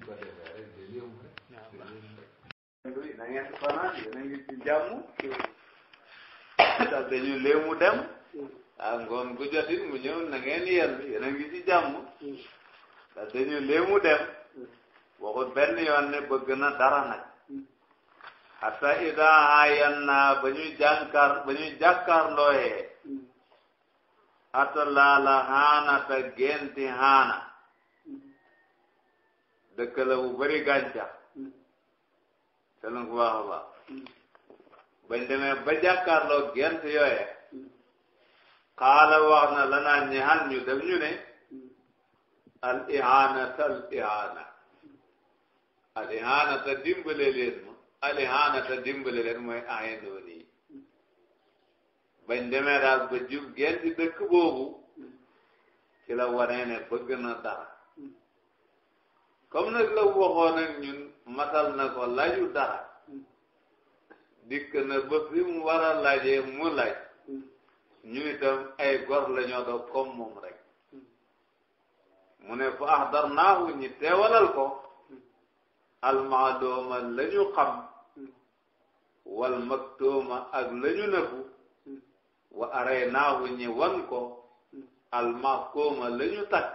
de dem ah ngoon bu jot it mu ñëw na ngeen yéen yéen a ngi ci jàmm. parce que ñu lee mu dem. waxut ne bëgg na dara nag. hatta ida ayan naa ba ñuy jànkaar ba ñuy jàkkaarlooyee. hatta laala haana ta génti haana. dëkk la bu bëri gàncax. te lu ko baax a baax. bañ ba jàkkaarloo gént qaala wax na lanaa ñeexal ñu def ñu ne al ihanata al al ihanata dimbale leen ma al ihanata dimbale bañ demee daal ba jub geen dëkk boobu ci la bëgg na dara comme nag la waxoon ak ñun matal na ko laju dara dikk na ba fi mu war a lajee mu laaj ñu itam ay gor la ñoo doon comme moom rek mu ne fa ahdarnaahu ñi teewalal ko almaaluuma la ñu xam wal maktuuma ak la ñu nëbbu wa araynaahu ñi wan ko almakuuma la ñu takk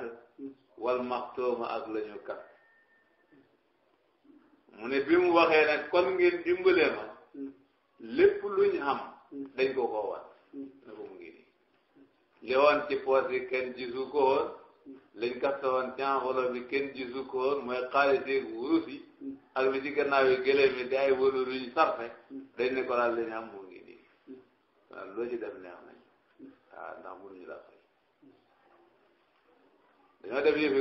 wal maktuuma ak la ñu mu ne bi mu waxee nag kon ngeen dimbale lépp lu ñu xam dañ ko ko na ko mu ngi nii li woon ci poos yi kenn gisu ko woon lañ kaste woon ci enveloppe bi kenn gisu ko woon mooy xaalis yi ak li ci gannaaw yi gëlee mi di ay wólu luñ sarfe dañ ko daal lañ am mu ngi nii waaw loo ci def neex nañ waaw dem liñ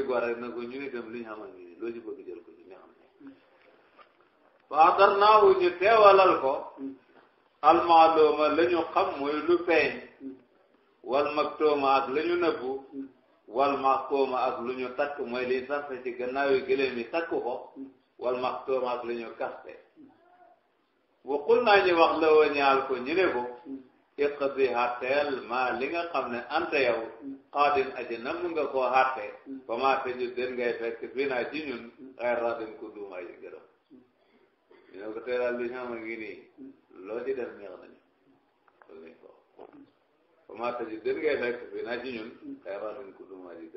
xamal ngi nii loo ci bëgg jël ko ci neex nañ waaw dar naawu almaaluma la ñu xam mooy lu feeñ wal maktuuma ak la nëbbu wal maxtuuma ak lu ñu takk mooy liy sarfe ci gannaawi gëléem yi takk ko ak la ñu kaste waqul naa ñu wax la ñaal ko ñu ne ko iqdi hatteel maa li nga xam ne anta yow qaadin aji nam nga koo hatte ba maa te ñu den ngay fekk fii naa ci ñun xeer radin ko duuma yi gërëm ñu ne ko teeral li ñu nii loo ci def neex nañu loolu lañ ko wax commencé di gën ngay fekk fii naa ci ñun xëy na ñu ko duma di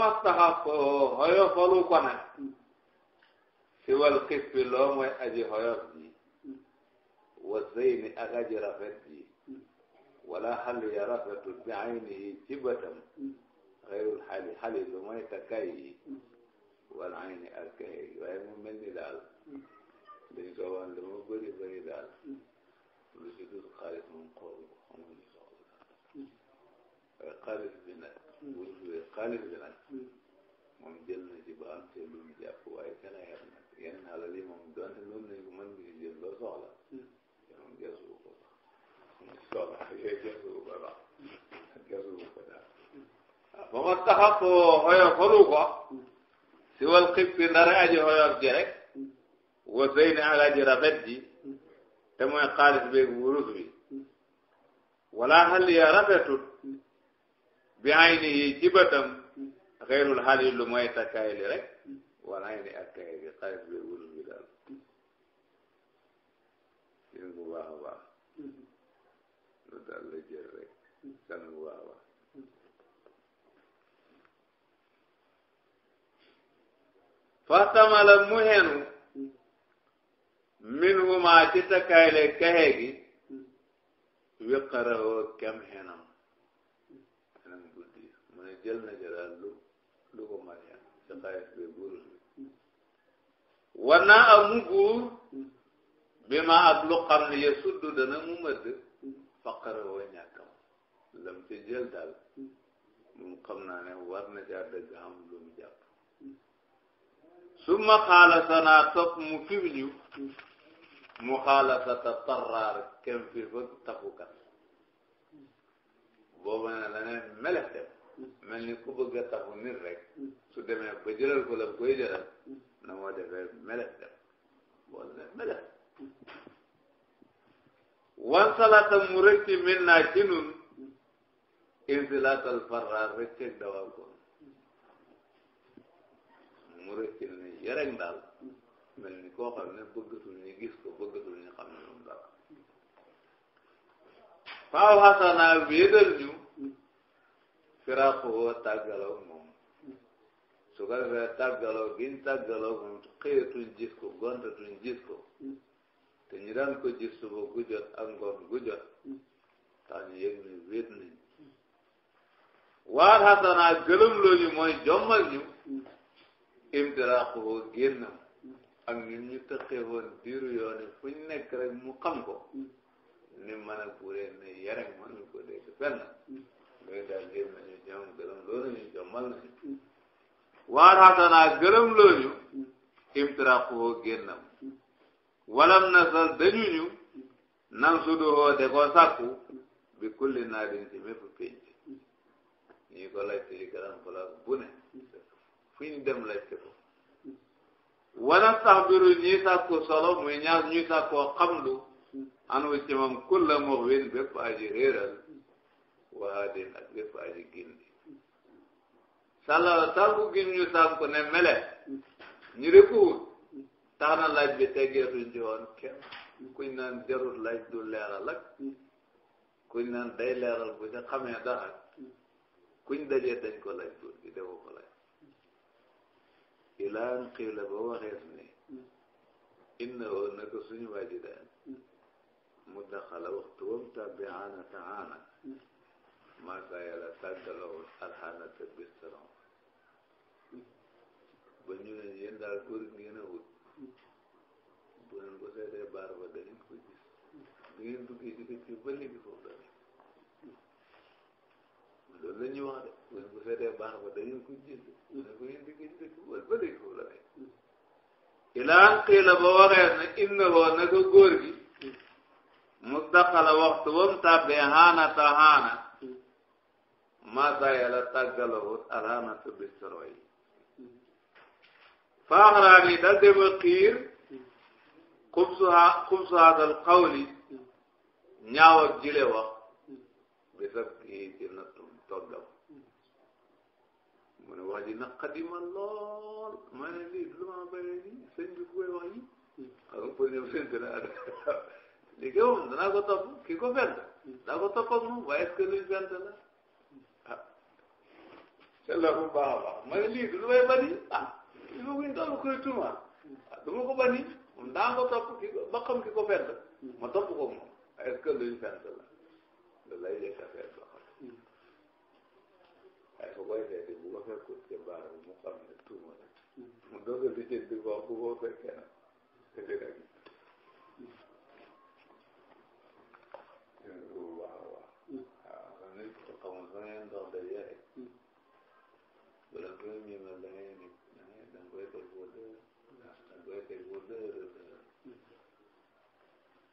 ma taxaw ko xoyofalu ko si wal xis bi loo mooy aji xoyof ji wa zeyni ak aji rafet ji wala xal ya rafetu bi aynihi ci bëtam xeyrul xali xali lu mooy takkaay ayni ak kaay waaye mu mel ni daal luñ ko lu mu bëri bëri daal lu ci dul xaalis moom xoolu ko xamul ñu soxla waaye xaalis bi nag bu ñu xaalis bi nag moom jël na ci ba am te lu mu jàpp waaye kenn xeeb nag yenn alal yi moom donte loolu nañ ko mën ngi jël loo soxla moom gesuwu ko sax mu soxla yooyu ko daal ba ma taxaw ko xoyo xoru ko si wal xippi ndare aji xoyoor ji rek wasay ne alaaji rafet ji te mooy xaalis beeg wurus bi wala xal ya rafetut bi ay ni yi ci bëtam xeyrul xal yi lu mooy takkaay li rek wala ay ni ak kaay bi xaalis beeg wurus bi daal jën bu baax a baax lu daal la jël rek san bu baax a baax fatamala mu henu min huma ci takkayle kaxe gi wiqarahoo kem xenam xenam guddi mu ne jël na jëlaat lu lu ko mat xen ci xaalis bi buurul bi war naa am mu buur bi ma ak lu xam ne ya suddu dana mu mëdd faqarahoo ñàkkam lam ci jël daal moom xam naa ne war na caa dëgg am lu mu jàpp summa xaala sanaa topp mu fiw ñu muxaalatata tarraar kem fi bëgg tafukat boobu ne la ne melete mel ni ku bëgg a tafu nit rek su demee ba jëlal ko la koy jëlal na moo defee melete boolu ne melet wansalata mu min naa ci nun insilaatal farraar rek cëg dawaa ko mu ni yereg daal mel ni koo xam ne bëggatul ñu gis ko bëggatul ñu xam ne moom dara faaw xasana wéetal ñu firaqoo tàggaloo moom su ko defee tàggaloo giñ tàggaloo moom xëyatuñ gis ko gontatuñ gis ko te ñu daan ko gis suba gu ak ngoon gu jot tax ñu yëg ne wéet nañ waar gëlëm loo ñu mooy jommal ñu imtiraqoo génnam ak ñun ñu tëqee woon diiru yoon fu ñu nekk rek mu xam ko mm. ni man ak buuree ne yarek man ñu ko dégg fenn mm. loolu daal gén nañu jàmm gërëm loo nañu jommal nañu waaraatanaa gërëm looñu imtiraqoo génnam mm. walam nasal dañu ñu nan suduhoo de ko sàkku bi kulli naa din ci mépp pénc ñii ko laajte ci garan place bu ne fu ñu dem laajte ko wala sax biru ñuy sàkku solo muy ñaar ñuy sàkkoo xamlu anu ci moom kulla muxwin bépp aji réeral waadin ak bépp aji gindi sàlla sàkku gi ñu sàkku ne mele ñu di ko tax na laaj bi teggeetuñ ci woon kenn kuñ naan jarut laj du leeral ak kuñ naan day leeral bu ca xamee dara kuñ dajee dañ ko laaj tuuti defoo ko laaj ilaa an qiila ba waxees ne inna woon naka suñu waaji daan mu daxala waxtu wam tàbbi aana ta aana maasa yàlla tàggalawul alxaana te bistaron ba ñu ne yéen daal góor ngeen a wut bu ngeen ko seetee baar ba da ngeen ko gis da ngeen duggee ci dëkk bi ba léegi foofu dara loolu la ñuy wax de baax ba da ngeen ko jënd da ngeen di gëj dëkk wala ba léegi foofu la nekk ilaan qiila ba waxee ne innahu naka góor gi mustaxala waxtu ba mu tàbbee xaana ta xaana masa yàlla tàggalawut alxaana ta bistoro yi faaxaraan yi dal dema xiir xubsuha xubsu haadal qawli ñaaw jile wax bisab kii ci nat toggam mu ne wax ji naqadi ma lool ma ne lii lu ma bëri nii sëñ bi koy wax yi xam nga pour ñëw sëñ bi laa liggéey moom danaa ko topp kii ko fent danaa ko topp ak moom la ah seetlu bu lii du lu may bari ah il faut que ñu tuma ah ko bari moom daa ko topp kii ba xam ki ma topp ko moom waaye est-ce la loolu lay yëg waaye bu koy seeti bu ko fekkut ci mbaar bi mu xam ne tuuma la mu doog a lijjanti ko bu ko fekkee nag te dina gi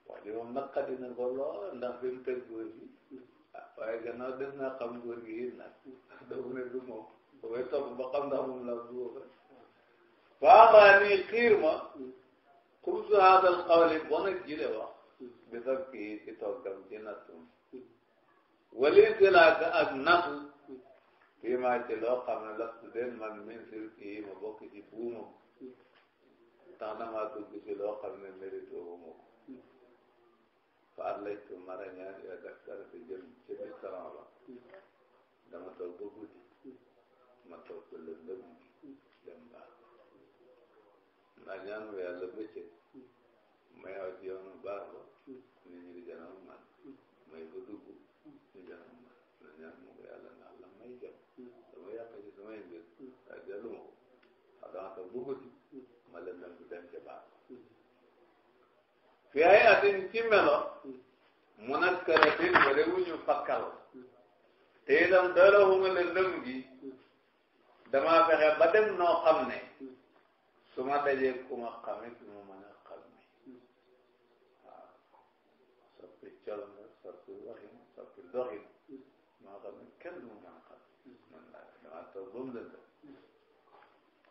wax ji moom naqari na ko lool ndax fi mu teg góor gi waaye a dem naa xam góor gi yéen nag doomu ne du topp ba xam ndax moom laa du ko faaxaani xiir ma xubsu haadal xawli bon ak jile bi sab kii ci toggam ci nattum wali silaaka ak natu fii maa ci loo xam ne laf min sil ma bokk ci buumam maa dugg ci loo xam ne mérite faar lay tu marañaan ya daftar fi jëm ci biir salon ba dama toog ba ma toog ba lëndëm dem baax ma ñaan ma yàlla bëccëg ma yaw ci yoonu baax ba nit ñi di janam man may ba dugg ñu janam man ma ñaan ma ko yàlla ndax la may jëm dama yàq ci samay mbir waaye delluma ko xadaata bu guddi fi ay atin ci melo munakkaratin wala wuñu fakkal te itam doole wu ma lëm gi damaa fexe ba dem noo xam ne su ma dajee ku ma xamit mu mën a xam ne waaw soppi colom la soppi xam ne kenn mu mën a xam man laa toog ba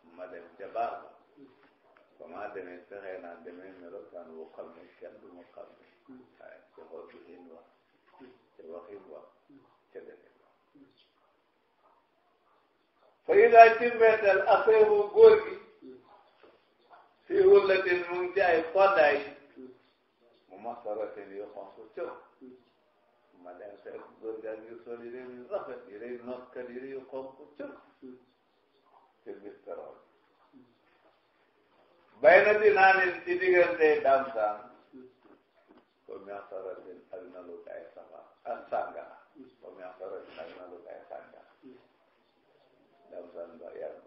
mu ma dem jabaar maa demee fexe naa demee melokaan wu xam ne kenn du ma xam ne waaye ca xoolin wax ca waxin wax ca defin wax fa idaa ci mbetteel aseebu góor gi fi wulatin mu ngi ci ay fondaay mu masaratin yu xonq cër ma dem fekk góor gaa ngi sol yére yu rafet yére yu nokkat yére yu xonq cër ci bistarool bay na di naanin ci diggante damsaan comme yaa saratin ak nalu kay safa ak sàngara comme yaa saratin ak nalu kay sàngara damsaan ba yàgg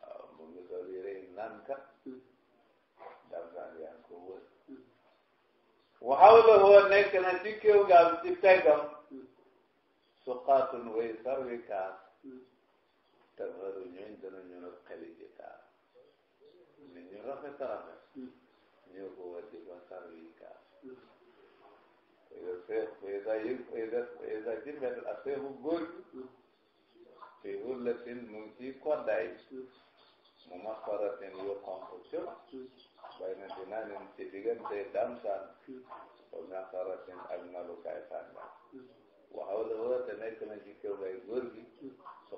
waaw mu ngi sol yére naankat damsaan yaa ko wër waxaw la woo nekk na ci kéw gaam ci peggam suqaatun way sarwi kaas te faru ñooñ dana ñu xeli ci kaas yu rafet rafet ñoo ko war di ko sarwikaar fayda yëg fayda fayda jëmmet ak seefu góor gi fi hullatin mu ngi ci koddaay mu maqaratin yu xonq cëp bay na dinaanin ci diggante damsaan wa maqaratin ak nalukaay sàngal waxaw la woo mm. mm. mm. te nekk na ci kër bay góor gi su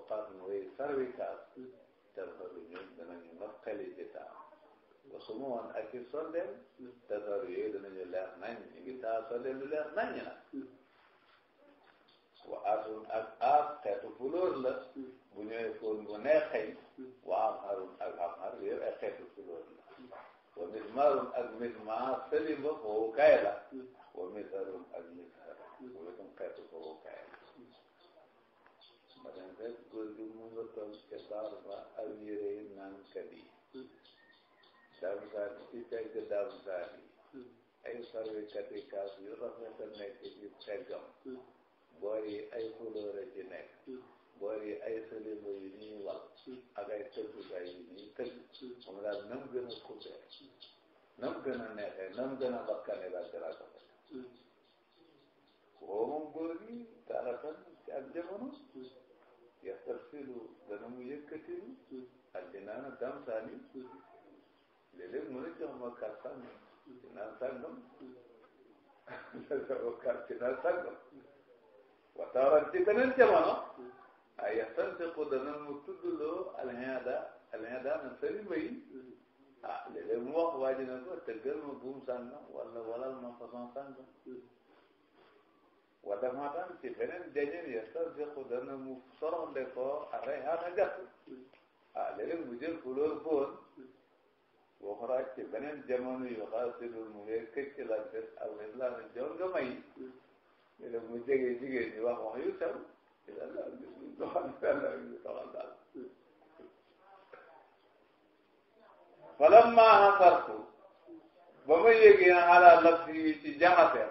xaas mu wéy sarwikaar te loolu ñun danañu noppali ci taam suma woon ak i sondeel tasar yooyu danañu leer nañ ñu ngi taa sondeel lu leer nañ la wa ak aas xeetu fulóor la bu ñëwee fóon bu neex xëy ak am xar yëpp ay xeetu fulóor la wa mismaarun ak mismaar salimba fowukaay la wa misarun ak misar wala tam xeetu fowukaay la ma dem rek góor gi mu nga toog ca baar ba damsaan ci pegg damsaan yi ay farwikati kaas yu rafet a nekk ci peggam hmm. boor ay couleur ci nekk hmm. boor ay salimu yu ñuy wal hmm. ak ay tëggukaay yu tëgg moom daal nam gën a kubbee nam gën a neexee nam a bakkane daal gën a ko woo moom góor gi taaratan ci ak jamono yaxtasilu dana mu yëkkatilu ak dinaana damsaan yi léeg-léeg mu ne jox ma kàr sàngam dinaa sàngam sama kàr dinaa sàngam ci beneen jamono ay yastantiqu dana mu tuddloo alhada alhada na sëri mbay ah léeg-léeg mu wax waa ji ne ko buum sàngam wala walal ma façon sàngam wa damataan ci beneen jañeen yastantiqu dana mu soroxle ko arrey xaana gàtt ah léeg-léeg mu jël couleur boon waxuraat ci beneen jamono yu xaasilul mu ngay këcc la des ak lislaam jox nga may léegi mu jege jigéen ñi wax o yu sew ila la hasartu ba ma yégee ala lafsi yi ci jaxaseer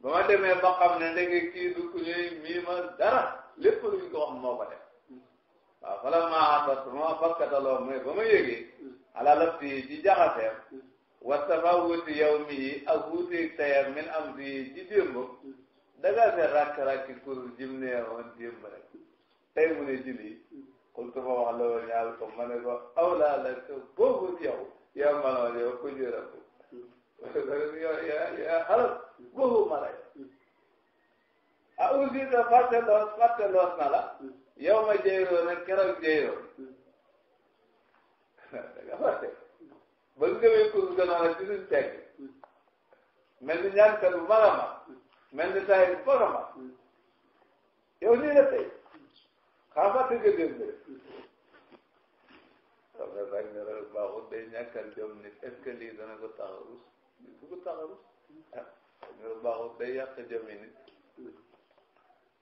ba ma demee ba xam ne ndeke kii du ku ñuy dara lépp luñ ko wax moo ko def waaw falamma hasartu ma fakkataloo mooy ba ma yégee ala lafti ci jaxaseem wa tafawuti yawmi ak wuuteeg tayam min am si ci démb daga seet rakk-rakki kur jim ne woon démb rek tey mu ne jili xultu ma wax la woon ñaal ko ma ne ko aw laa la ko boobu yow yaa manoon yow ku jëram yaa xalat boobu ma lay a aussi te fàtte loos fàtte loos na la yow ma jëyroo nag keroog jëyroo ba nga gëmee course ga noonu ci mel ni ñaankat bu mag a mel ni taay bu mag a mag yow nii la tey xaa fàtte gëm de xam nga sax day ñàkkal jom nit est ce que lii dana ko tax a rus du ko day yàq jom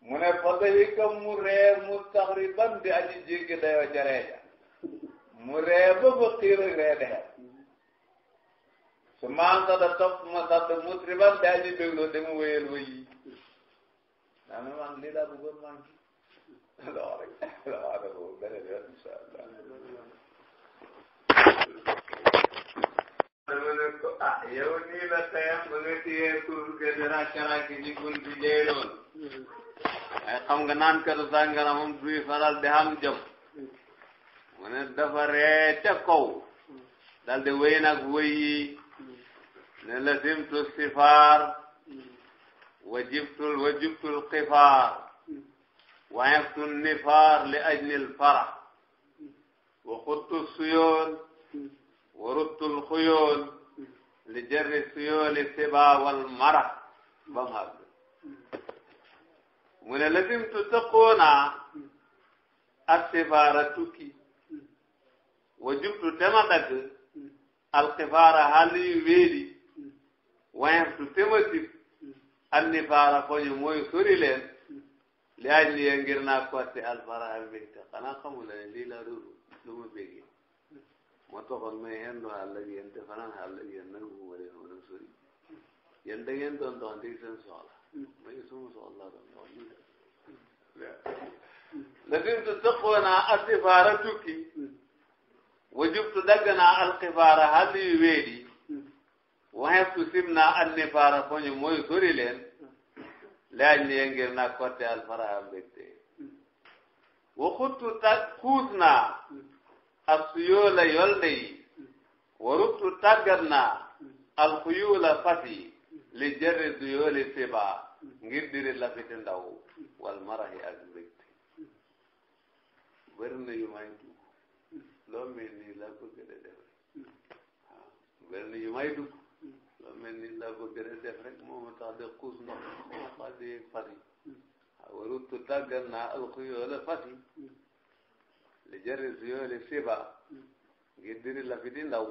mu ne fa day ka mu ree mu di aji jéggi dayoo jareeja mu ree ba ba xiir ak sa da topp ma sa da musriban daa ñu déglu te mu wéyal wéy yi daa ma man lii laa man loxo rek loxo rek boobu beneen yoon insha allah mu ne ko ah yow nii la tayam ba nga téyee tur ke dara karaaki ci bunt bi jëy loon ay xam di am jom mu ne dafa ree ca kaw daldi wéy nag wéyi ne lazimtu sifaar wajibtul wajibtul xifaar wayeftu nifaar li ajnil fara wa xuttu suyool wa ruttul xuyool li jarri suyooli sibaawal mara ba mu àgg mu ne lazimtu tëqoonaa ak sifaara tukki wa jubtu tema dagg alxifaara xàll yu wéeli wayeftu tema tib annifaara ko ñu mooy sori leen li aj liye ngir naa kotte alfaraha mbégte xanaa xamul ne lii la lu lu ma bégee moo taxoon may yendu xàll ak yéen te fanaan xàll ak yéen nag bu ma leen mën a ngeen doon doon dig seen soxla may suma soxla doon doon ñu hmm. tukki wajubtu dagg naa alxibaara hàll yu weedi waxeetu sim naa annifaara foñu mooy sori leen laaj ne ngir naa kotte alfaraha mbégte waxuttu tag xuus naa tàggat naa alxuyuula fas li jërri du siba ngir diri ndaw wal marahi ak mbégte loo mel nii laa bëgg a def rek waaw ni yu may dugg loo mel nii laa bëgg a def rek moom tax de xuus ndox moo fas yi fas yi waaw waruttu tàggal naa alxu yoola fas yi li jëri su yoole siba ngir diri la fi di ndaw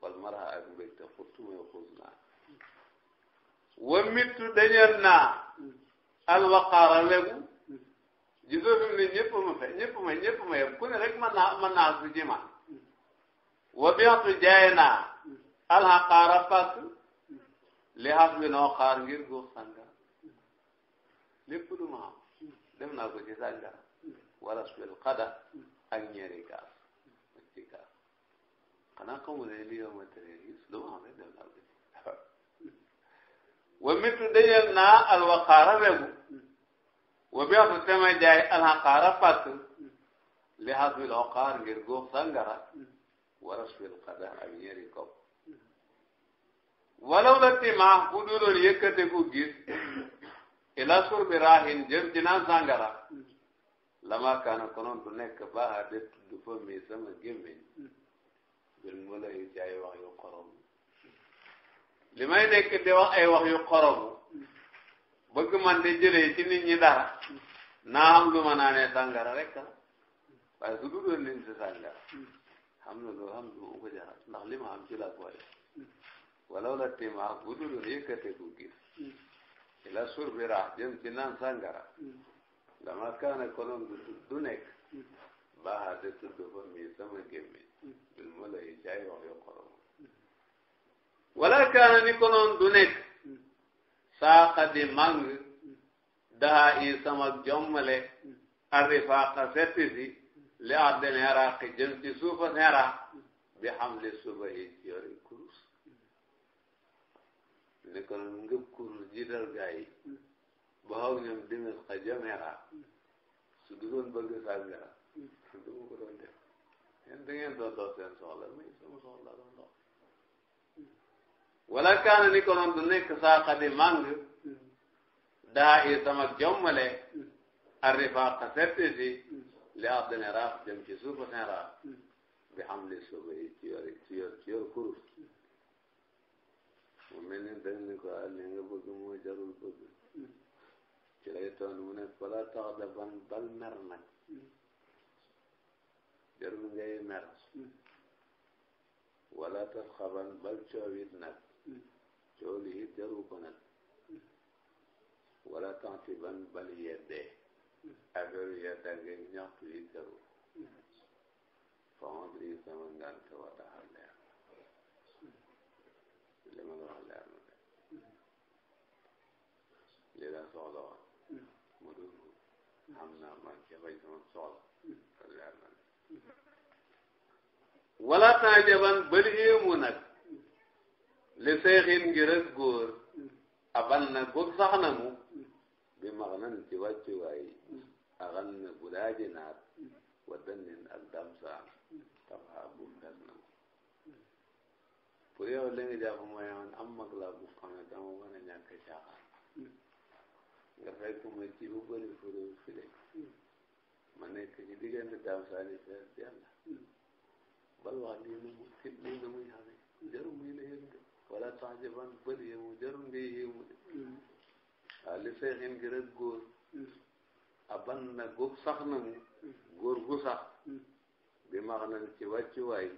wal mara ak mbégte xuttu may xuus naa wa mittu dañoon naa alwaqaara legu gisoo fi mu ne ñëpp ma fe ñëpp ma ñëpp ma yem rek mën naa mën naa su ji ma wa biatu jaay naa alxaqaara fàkk li xas bi noo xaar ngir góob sànga lépp lu ma am naa ko ci sànga wala suel xada ak ñeeri gaas ak ci gaas xanaa xamu ne li yow ma tere gis lu ma am rek def naa ko wa mitu dajal naa wa bi waxtu te may jaay alxaqaara pàkk li hasbil oqaar ngir góob sàngara wala suil qadar ak ñeeri kopp walaw la timaax bu duloon yëkkate ku gis ila sur bi raahin jëm ci naan sàngara lama kaana konoon du nekk baaxa de tudd fa mi sama gémmiñ bil mu lay jaay wax yu xorom li may nekk di wax ay wax yu xoromu bëgg man de jëlee ci nit ñi dara naa am lu ma naanee sàngara rek ah waaye su dul woon lim si sàngara xam na loolu xam na ko jaral ndax li ma am ci la boole walaw la téemaa bu dul woon yëkkateeku gis ila suur bi raax jëm ci kaana konoon du du nekk baaxa de tudd fa mii sama gémmiñ bil mu lay jaay wax yu wala kaana ni konoon du saaqa di mang daha i sama jommale arrifaaqa setti si li ardin Iraq jëm ci suufa Iraq bi xamli suba yi yori kurus ne kon ngëb kurus jiital ba xaw ñoom dimis xa jëm Iraq su bëgg sàngara du ma ko doon def yéen da ngeen doon dox seen soxla mais sama soxla doon wala kaana ni ko noon du nekk di màng daa i sama jommale arrifaqa sette si li ardine raaf jëm ci suufa seen bi xam li suuba yi ci yor ci yor ci yor kurus mu ah, moo jarul bëgg ci lay mu ne fala tax da ban bal mer nag jarul ngay mer wala tax xaban bal coowit coow li it jaru ko nag wala tansiban bal yeddee affaire yedda nga ñaxtu it jaru fond yi sama ngant wataxal leer li ma la wax leer na de li la soxla woon mu dul xam naa man ci fay soxla te leer na de wala tansiban bal yéemu li seexin ngir ak abal na góog sax na mu bi max nan ci wàccuwaay axan na gudaaji naat wa dannin ak dam saan tam xaa na mu pour yow li mooy am mag laa bu xamee dama mën a ñàkk caaxaan nga fekk ma ci bu bëri fure fure ma nekk ci diggante dam saan yi fees yàlla bal wax lii na mu lii na muy xamee jarul muy la yëg wala tax jiban bët yi mu jarul ngay yéemu de waaw li seexin gi rek góor mm-hmm. aban na gu sax na mu mm-hmm. góor gu sax mm-hmm. bi max nañ ci wàccuwaay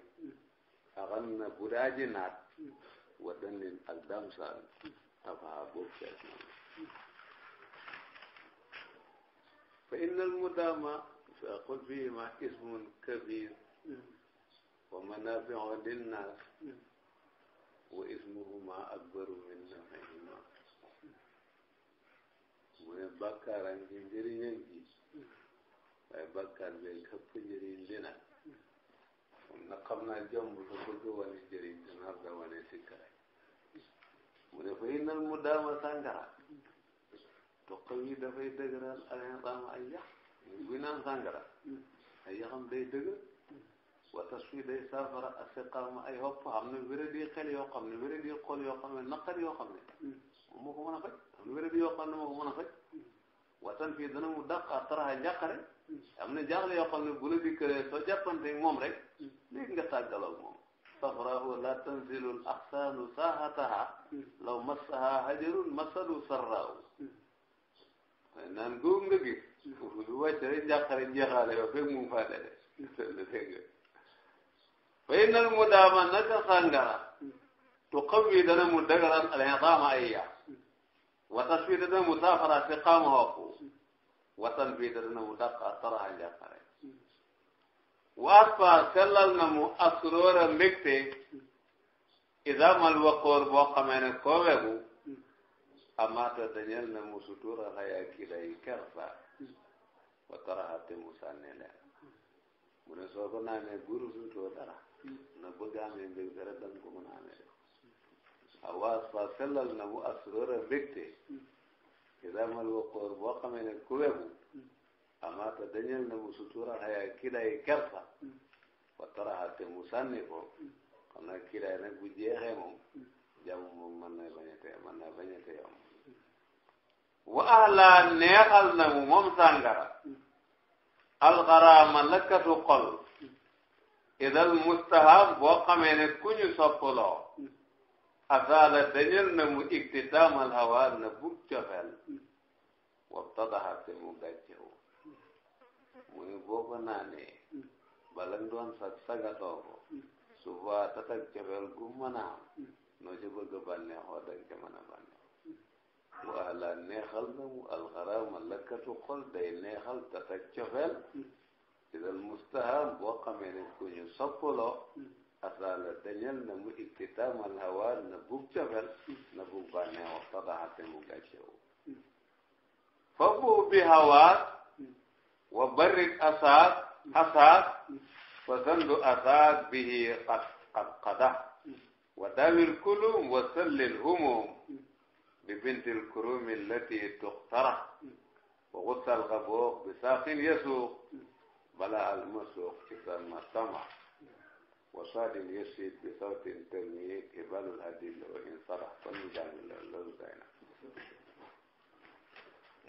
axan na budaaji naat wadanin ak damsaan tafaa boobu fees na mu fa innal mudaama fa qul fihima ismun kabir wa manaafiu linnaas wa ismuhuma akbaru min nafihima mu ne bàkkaar a ngi njëriñam ji waaye bàkkaar këpp njëriñ li nag moom na xam jomb su bëgg wane njëriñ danaar da wane sikkare mu ne fa innal mu daama sàngara toqam yi dafay dëgëral al insaam ay yax bu naan sàngara ay yaxam day dëgër wata suy day saafara asiqaama ay xob xam ne wéradi xel yoo xam ne wéradi xol yoo xam ne naqar yoo xam ne moo ko mën a faj am na wéradi yoo xam ne moo ko mën a faj watan fii dana mu daq a taraxa njàqare am na jaaxle yoo xam ne bu la dikkëree soo jàppante moom rek léegi nga tàggaloo moom safrahu la tanzilul axsaanu saahataha law massaha hajarun masalu sarraahu naan googu nga gis foofu lu wàcc rek njàqare njeexaale yoo fekk mu faa dede dégg nga fa innal mudaama naka sàngara tuqawwi dana mu dëgëral al-idaama ay yax wa tasfiida dana mu saafara si qaama hokku wa tanfiida dana mu dàq asaraha njàqare wa asfa sellal na mu asroora mbégte idaamal waqoor boo xamee ne koo wegu amaata dañeel na mu sutura xayaa kiday kersa wa taraha te mu sànni leen mu ne soo ko naanee guru sutoo dara na bëgg amee mbir dara danga ko mën a amee de awaas fa sellal na bu asroor a mbégte idamal waqoor boo xamee ne ku amaata dañeel na bu sutura xayaa kiiday kersa wa taraxa te mu sànni ko xam naa na bañ a tee mën na bañ a wa ahlaa neexal na mu moom sàngara alxaraama lakkatu xol idal mustahab boo xamee ne ku ñu soppaloo asaala dañal na mu iktidaamal hawa na bug cofel wabtadaha te mu gàccewu mu ni boo ko naanee bala doon sag sagatoo ko souvent tatak cofel gu mën noo ci bëgg a bànneexoo dañ ca mën a bànneexoo waala neexal na mu alxaraama lakkatu xol day neexal tatak cofel ilal mustaham boo xamee ne ku ñu soppaloo hmm. asala dañal na mu iktitaamal hawa na bug cofel hmm. na bug bànnee wax tadaxate mu gàccewu hmm. fa buu bi hawaat wa barrik asaat hasaat fa sandu asaat bihi qad qad qada wa daawir kulum wa sallil humum bi bintil kurumi allati tuqtara wa gussal gabook bi saaqin yasuuq balaa al masuux ci sama sama wa saadin bi sawtin termiyik ibalul adilla wa in sarax kon ñu jàng loolu day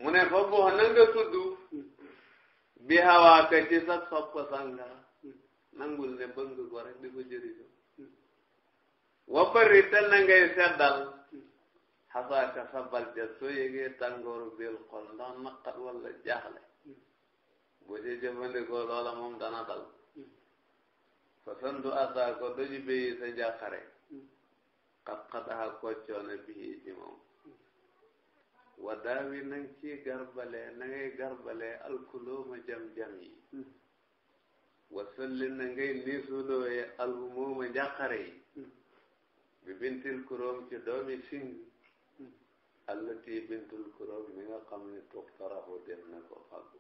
mu ne fa boo na nga bi hawaa ka ci sa sopp sanga nangul ne bëgg ko di ko wa bari te na seddal xasaaka sa balja soo yëgee tàngooru bil xol ndax naqat wala jaaxle bu ci jëfandikoo loola moom dana dal hmm. façon du asa ko doju béyi sa njàqare xat-xataxa hmm. koccoona bii ci moom hmm. wadaawi nang ci garbale na ngay garbale alkulooma jam-jam yi wasalli na ngay niisulooye alhumooma njàqare yi bi bintil kuróom ci doomi sing allati bintul kuróom mi nga xam ne tuxtarahu dem na ko fàggu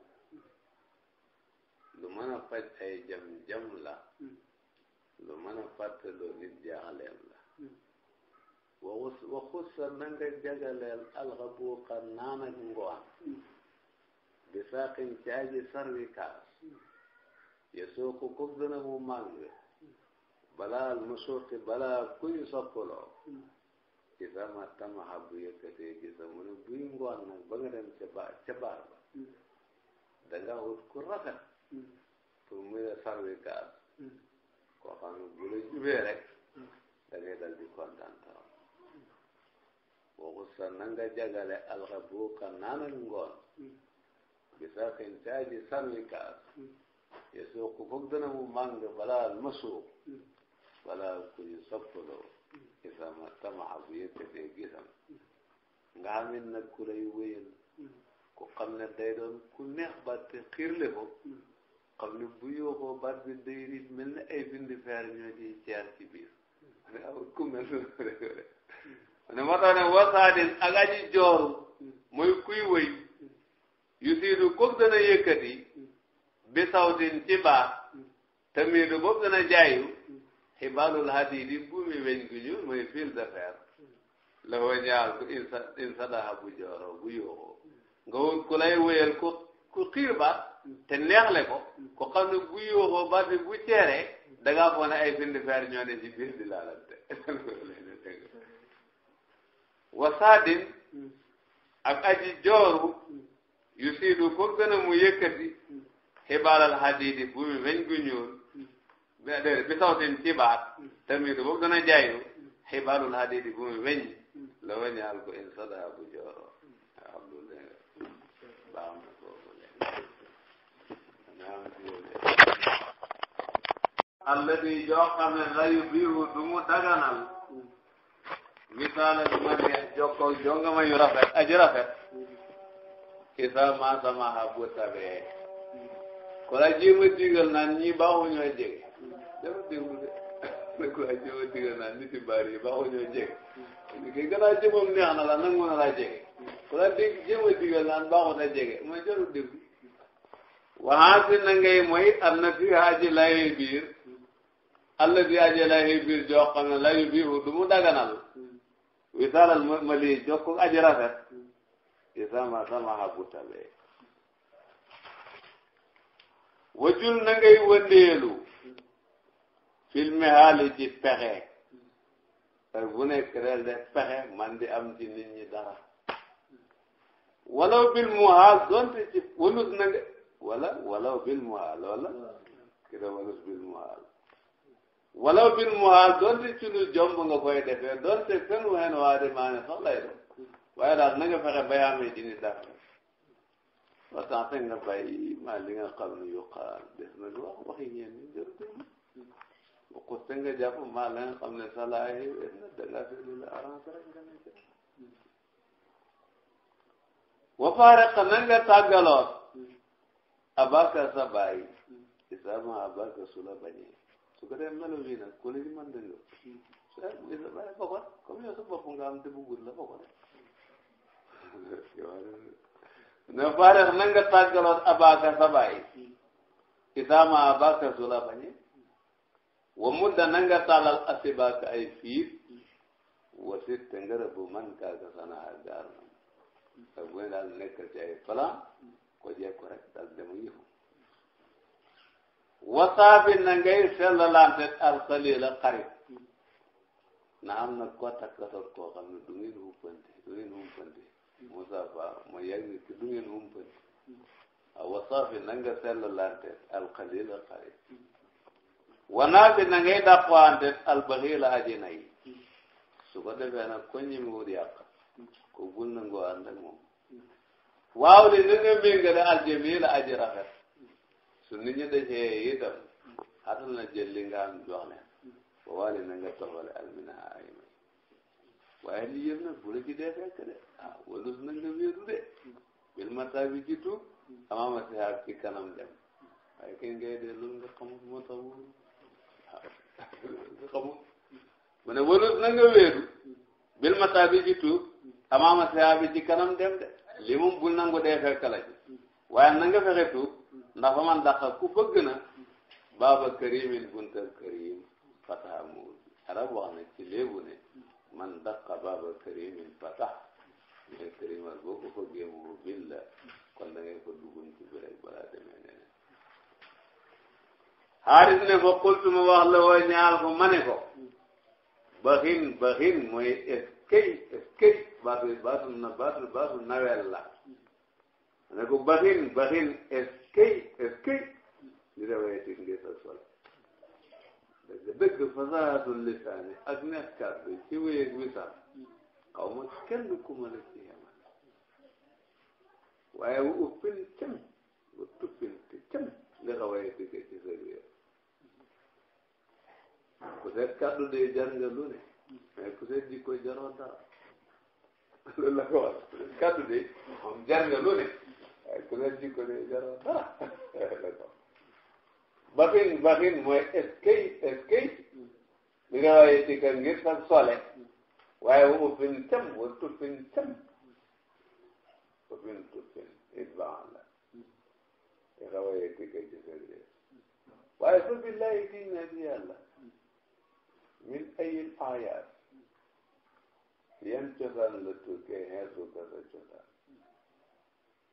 lu mën a faj ay jam jam la hmm. lu mën a fàttaloo nit jaaxleem la hmm. waxus waxus sa nanga jagaleel alxabuuqa naan ak ngoon hmm. bi saaqin caaji sarwi kaas ya sooku kub dana mu màng balaa almusuuqi balaa kuy soppaloo isa ma tamaxa bu yëkkatee gisa mu ne buy ngoon nag ba nga ca baar ba danga wut ku rafet Mm. pour la sarwi kaas mm. koo xam ne bu la jubee rek mm. da ngay dal di jagale alxa boo ka naanal ngoon bisa kin caaji sarwi kaas ye soo ku foog dana mu màng balaa almasuux balaa ku ñu soppaloo isama tamaxa bu yëkkatee gisam nga xamin nag ku lay wéyal ku xam ne day ku neex ba te xiirle ko xam ne bu yóoxoo baat bi day riit mel na ay bindi feer ñoo ciy ceer ci biir ma ne awut ku mel ne moo tax ne wasaadin ak aji jooru mooy kuy wëy yu siidu kook dana yëkkati bi sawtin ci baax tamiidu boobu dana jaayu xibaalul hadiidi buumi weñ gu ñuul mooy fil de fer la ko ñaar ku insa insadaha bu jooroo bu yóoxoo nga wut ku lay wëyal ko ku xiir ba te neexle ko ku xam ne bu yóoxoo ba te bu ceeree da ngaa foog ne ay bind feer ñoo ne ci biir di laalante ak aji jooru yu siidu ko gën a mu yëkkati xibaalal xadiidi bu mi weñ gu ñuul bi sawtin ci baat tamiidu boobu gën a jaayu xibaalul xadiidi bu mi weñ la weñaal ko in bu jooro alladi joo xam ne layu biiru du mu daganal misaala bi ma ne jokkoo jongama yu rafet aji rafet isa ma samaha bu sabee ko la jéema digal naan ñi baaxu ñoo jege dafa déglu de ko la jéema digal naan ñi si bari yi baaxu ñoo jege ki gannaaw jëmam neex na la nangu na la jege ko la jéema digal naan baaxu na jege ma jarul déglu waxaa si na ngay mooy am na fi lay biir àll bi haaji lay biir joo xam ne layu du mu daganal wisaalal ma ma lii jokk aji rafet isama sama habutabe wajul na ngay wëndeelu filme haali ci pexe bu nekk reel de pexe man di am ci nit ñi dara walaw bil mu haal donte ci wëlut na nga wala walaw bil muhaal wala ki da walus bil muhaal walaw bil muhaal doonte ci jomb nga koy defee doonte fen waxeen waa de maane sax lay doon waaye daal na nga fexe dini dara waxtaan te nga bàyyi maa li nga xam ne yuqaal des na lu wax waxi nga jàpp maa la nga xam ne salaayi wér na danga fi lu la arrangé rek nga nekk wa faariqa abaka sa baay isa ma abaka su la bañee su ko dee melo bii nag ku la ci mën dëngam su ay muy sa baay bokk comme yow sa bopp nga am te bëggul la bokk ne fareex na nga tàggaloon abaka sa baay isa ma abaka su la bañee wa na nga tàllal asibaka ay fiir na ak ne daal nekk ci ko bi ko rek dal demu yëfu wasaafi na ngay sellalante al xalila xarit na am na ko takkatoon koo xam ne du ngeen humpante du ngeen humpante musaafa mooy yàgg ni du ngeen humpante wasaafi na nga sellalante al xalila wanaa bi na ngay dàqwante al baxila aji nay su ko defee ko ñi wut yàq ko bul nangoo ànd ak moom waaw li ñu ne méngale aljamiil aji rafet su nit ñi dajee itam xatal na jël nga am jox ba wàllu na nga toppale almina ay waaye li yëpp nag bu la de ah walus na nga wéeru de bil mata bi ci tuub amaama si kanam dem waaye kenn ngay dee nga xamul moo tax wóoru ah, walus na nga wéeru bil mata bi ci tuub amaama si kanam dem de li moom bul nangu dee fekk la ci waaye na nga fexe tuub ndax fa man daqa ku bëgg na baaba karimin bunta karim fataha muul arab wax na ci léebu ne man daqa baaba karimin fatah mais karimal boo ko mu bil kon da ngay ko duggoon ci biir rek balaa demee neneen xaaris ne ma wax la waa ñaal ko ma ko baxin baxin mooy eskay eskay baatu baatu na baatu la ne ko baxin baxin eskey eskey li rawayati ngir sa sol dëgg fasaatu lisaani ak neex kàddu ci wéyeg wisaam xaw ma kenn ku ma la ci yemal waaye wu uppin cam wu tuppin te cam nga rawayati ke ci sa ku seet kàddu day jar nga lu ne mais ku seet jikko jaroo dara loolu la ko wax kàddu de moom jar nga lu ne waaye ku ne jikko de jaroo dara baxin baxin mooy eskay eskay li nga waaye ci kan ngir sa sole waaye wa uffin cam wa tuffin cam uffin tuffin it baax la li nga waaye ci kan ci kan waaye su billahi kii na di yàlla min ayil ayat yan cosaan la tukkee xeetu ka sa cosaan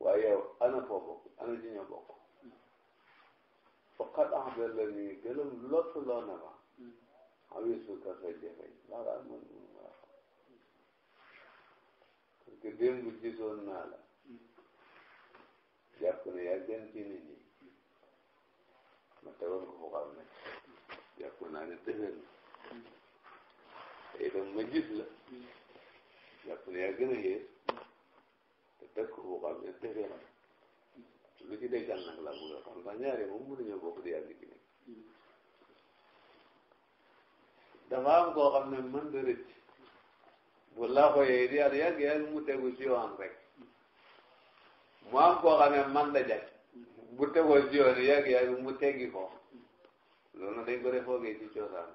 waaye yow ana foo bokk ana ji ñoo bokk faqat axda la nii gëlëm lottu loo na ma xawisu ka sa jafeñ dara man mun maa xam parce que démb gisoon naa la jàpp ne yaa gën ci nit ñi ma tegoon ko foo xam ne jàpp naa ne dëgër na te itam ma gis la jàpp ne yaa gën a yées te dëkk bu xam ne dëgg la lu ci déggal nag laa bëgg a xam ndax ñaari moom di yàgg dafa am koo ne mën na rëcc bu laa ko yee di yàgg yàgg yàgg mu tegu ci yoon rek mu am koo xam ne man la jag bu tegoo ci yoon yàgg yàgg mu teggi ko loolu dañ ko defoogee ci cosaan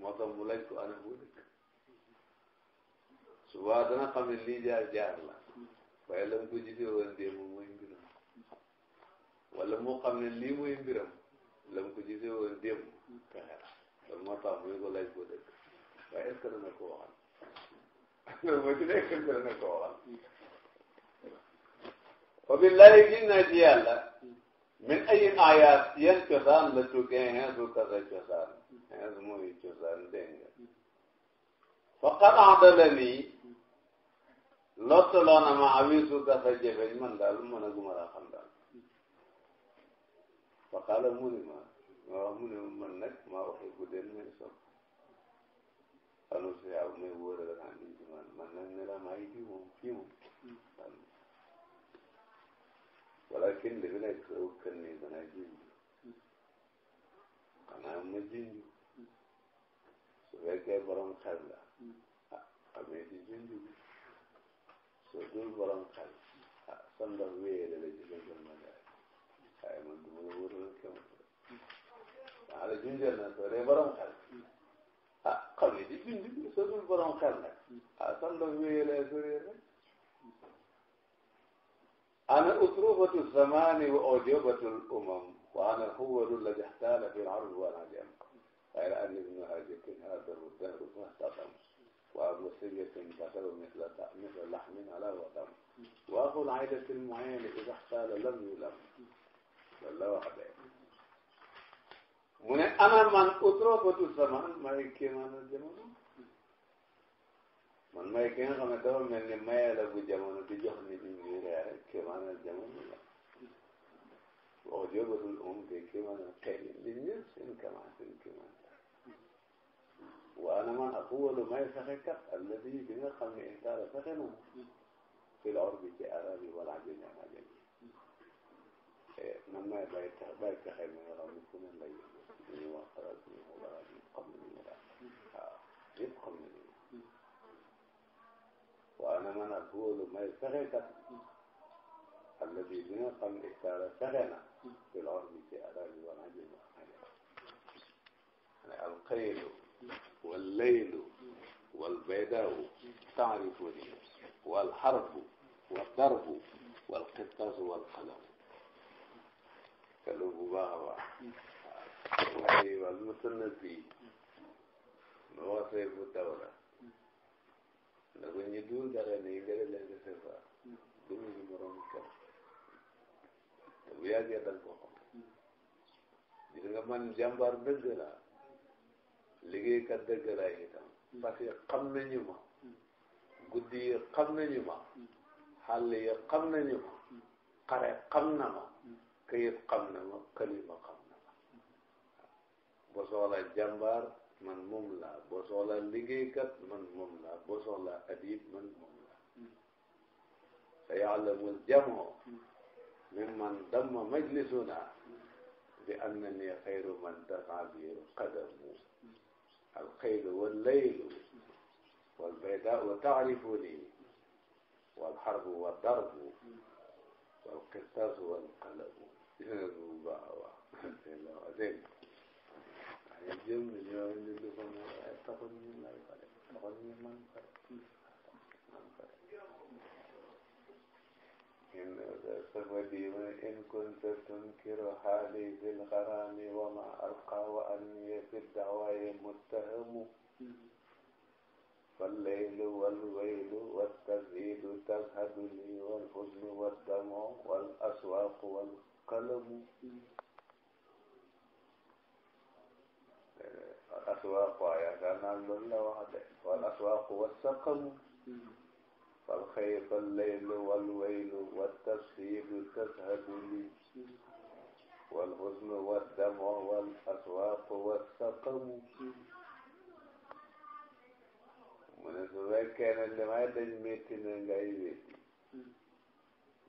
moo tax mu laaj ko ana bu dëkk suba dana xam lii jaar jaar la waaye la mu ko gisee woon démb mooy mbiram wala mu xam ne lii mooy mbiram la mu ko gisee la loolu tax muy ko laaj ko dëgg waaye est-ce que dana ko waxal loolu ci nekk est-ce que dana ko billahi gis naa ci yàlla min ayaat yan cosaan la tukkee xeesu kasa cosaan xees mooy cosaan dégg nga fa qanaada la nii lottaloon na ma awisu dafa jëfeñ man daal mën a guma laa xam daal fa xaala mu ne ma ma wax mu ne ma man nag maa waxee guddeen may sob xalu si yaaw may wóor la naa ni ci man man nag ne la maa yi kii moom kii moom wala kenn dafi nekk soo kën nii dana jinju xanaa ma jinju su fekkee borom xel la ah xamee ci jinju bi soo dul borom xel ah sam ndax wéyee la la jigéen jël ma dara waaye man du ma la wóoral kéem maa la junjal na soo dee borom xel ah xam ne di junj soo dul borom xel nag ah sam ndax wéyee la soo réer rek ana utrubatu zamani wa ojobatul umam wa ana xuwalu la jaxtaala fi l ardi wal ajam xayra anni ibnu haji kin hadahu dahru mahtatam وأبوسية كتب مثل مثل لحم على وطن وأخو العائلة المعين إذا احتال لم يلم loolu la wax de mu ne ana man utrofatu zaman may kéemaana jamono man may ki nga xam ne dafa mel ni maye la bu jamono di jox nit ñi ñuy reere kéemaana jamono la wax jóobatul um de kéemaana xel nit ñi seen kamaa seen kéemaana waana man aquwalu may fexe kat alladi bi nga xam ne inkaara fexe na mu fil or bi ci arab yi wala ji ñaama jëñ man may bay tax bay pexe mi nga xam ne fu ne lay ñu wax xalaat ñu mu wala ñu xam ne ñu daal waaw yëpp xam ne ñu waana man aquwalu may fexe kat alladi bi nga xam ne inkaara fexe na fil or bi ci arab yi wala ji ñaama jëñ ne alxaylu wallaylu walbaydaawu taarifuni walxarbu waldarbu walqitaasu walqalamu kàllu bu baax a baax waaye wal musanna bi ma waxee bu daw la na ko ñu dul dara nii gën a leen di sefa duñu ñu morom kenn te bu yàggee dal ko xam gis nga man jàmbaar dëgg laa liggéeykat dëgg laa itam hmm. parce que xam nañu ma hmm. guddi yi xam nañu ma hmm. xàll yi xam nañu ma xare xam na ma këyit xam na ma kalima xam na ma boo soxla jàmbaar man moom laa boo soxla liggéeykat man moom laa boo soxla adib man moom laa sa yaalamul jamoo min man damma majlisuna bi annani xayru man dafa biir qadamu alqaylu wallaylu walbaydaau taarifuni walxarbu waldarbu walqistaasu walqalamu jëm إن سبدي وإن كنت تنكر حالي بالغرام وما ألقى وأني في الدعواي متهم فالليل والويل والتزيد تزهدني والحزن والدمع والأسواق والقلم الأسواق يا كان لله وحده والأسواق والسقم fal xayl fal laylu wal waylu wattasfiidu tashhadu li wal huznu waddamu wal aswaaqu wassaqamu mu ne su fekkee ne li may dañ métti na ngay wéet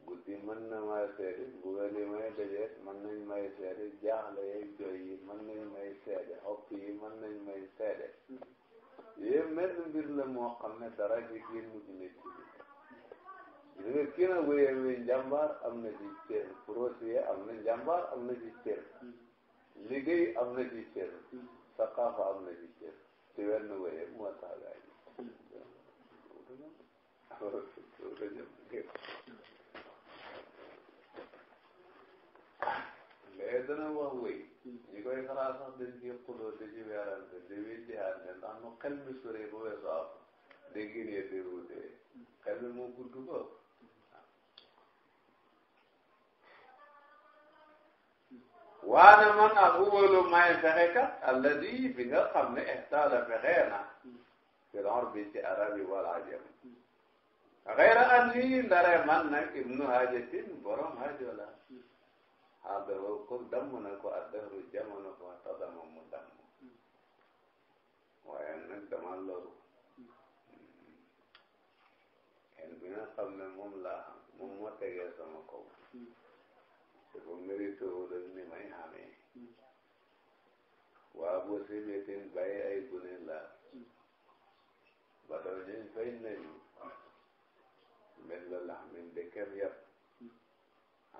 guddi mën na maa seede mbuga li may dajeet mën nañ may seede jaaxle yeeg joy yi mën nañ may seede xopp yi mën nañ may seede yéen menn mbir la moo xam ne dara ji kii mujj na ci li nga kii na wéyee wéy njàmbaar am na ci cër procéé am na njàmbaar am na ci cër liggéey am na ci cër saqaafa am na ci cër ci wenn wéyee moo tax gaa ñi koy xalaat sax dañ ciy xuloo di ci weerante di wéy ci ànde ndax nu xel mi soree ba weesu am dégg ne di wutee xel mi moo man al uwalu may fexekat alladi bi nga xam ne ihtaala fexee na fil urbi ci arabi wal ajam xayra an ni ndare man ibnu hajatin borom hajo la xaadahu kon damm na ko addahru jamono fa tadama mu damm waaye nag dama loru xel bi nga xam ne moom laa xam moom moo tegee sama kaw dafa mérite wala ni may xamee waa boo simetin bàyyi ay gune laa ba daw ñuñ fay nañu mel la lax min de kem yàpp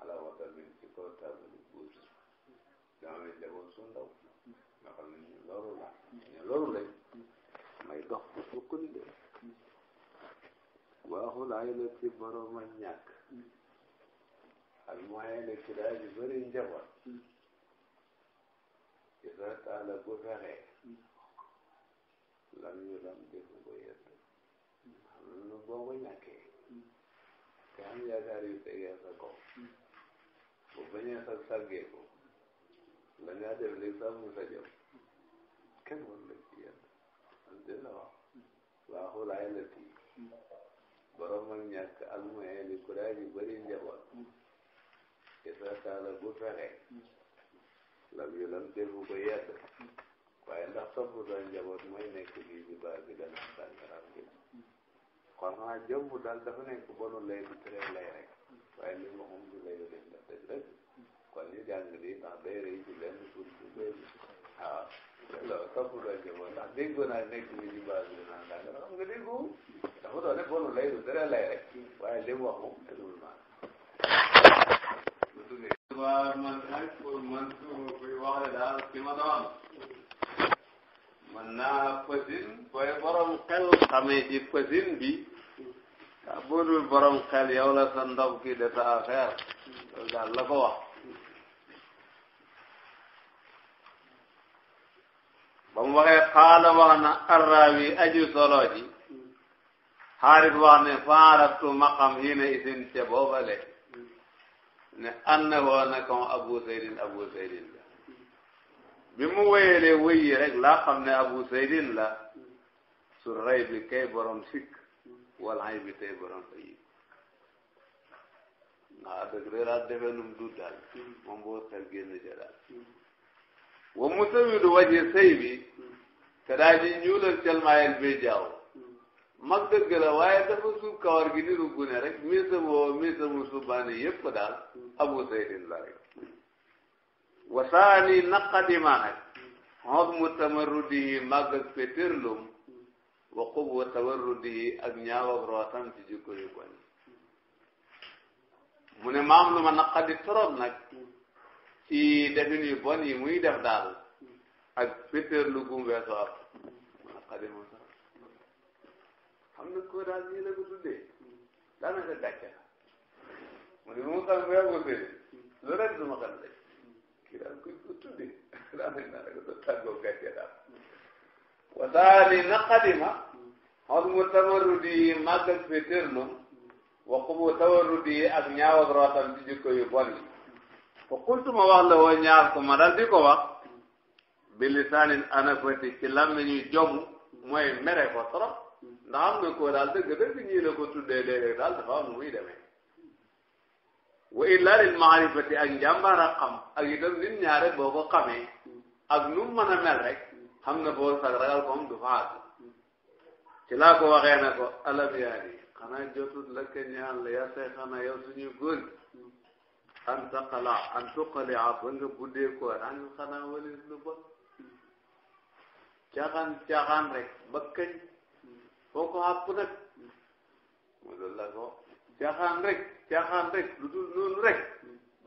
ala wata min koo tàmbali buut dama mi jaboot su ndaw nga xam ne ñu loru la ñu loru lañ may dox bu sukkunde waaxulaay la ci borom al moyen la ci daal yu bëri njaboot ci sa taala bu fexee lam yu lam defu ko yedd xam ne boo ko ñàkkee te am yu tegee sa kaw bu bañee sag saggeeku la ngaa def li sa jëm kenn war la ci yedd am de la wax waaxulaay la tii borom ak ñàkk ak moyen li courage yu bëri njaboot isa taala bu fexe lam yu lam defu ko yedd waaye ndax topp doon njaboot mooy nekk lii bi baa bi dana tàngaram bi kon xanaa jomb daal dafa nekk bonu lay du tere lay waaye li mu waxoon du lay leen dafa dëgg kon ñu jàng lii ndax day rëy ci lenn pour ci benn waaw loolu topp doon jëmo ndax déggo naa nekk ni ñu baal bi naan daa nga xam nga déggo dafa doon rek bonu lay du dara lay rek waaye li mu wax moom tegul maan waa man nag pour man suuf kuy waxle daal ki ma doon man naa pësin koy borom xel xamee ci pësin bi boo dul ko wax ba mu waxee xaala wax na aju solo xaarit wax ne faaratu maqam hiina isin ca boobale ne an na woo kon abu seydin abu seydin la bi mu wéyelee wéyi rek laa xam ne abu seydin la su rey bi kay borom sikk wala ay bi tey borom sa naa dëgg reeraat num du daal moom boo xel génn ca daal wa mu sawidu waje sëy bi te daa ji ñuulal calmaayel bee jaaw mag dëgg waaye dafa suuf kawar gi niru gune rek mii sa woo mii sa mu subaani yépp daal abu saydin la rek wasaani naqadi maa xet xoog mu tamarrudihi màgg ak pétérlum wa xubwa tawarrudihi ak ñaaw ak rootam ci jikko yu bon mu ne maam lu ma naqadi torop nag ci defin yu bon yi muy daal ak pétéer lu gum weesu ak naqadi moom sax xam ne koo daal nii la ko tuddee daanaka gàcce la mu ne mu xam nga ko de kii daal ko tuddee ko tàggoo wasaani naqadima xosmu tamarudi màgg ak féetérlum waxumu tawarudi ak ñaaw ak rootam ci jikko yu bon yi fa qultu wax la woo ñaar ko ma dal ko wax bi lisaanin anafati ci làmmiñu jomu mooy mere ko trop ndax am nga koo daal dëgg dëgg ko tuddee léeg-léeg daal dafa am muy demee wa illaa lil maarifati ak njàmbaar ak xam ak itam ñaare boo ko xamee ak nu mu mel rek xam na boo sax ko moom du ci laa ko waxee ne ko alam yaa ni xanaa jotul lakk la yaa say xanaa yow suñuy góor an taqala an tuqali a ba nga buddee ko caaxaan caaxaan rek ba kañ foo ko xàpp nag mu loolu la ko caaxaan rek caaxaan rek lu dul rek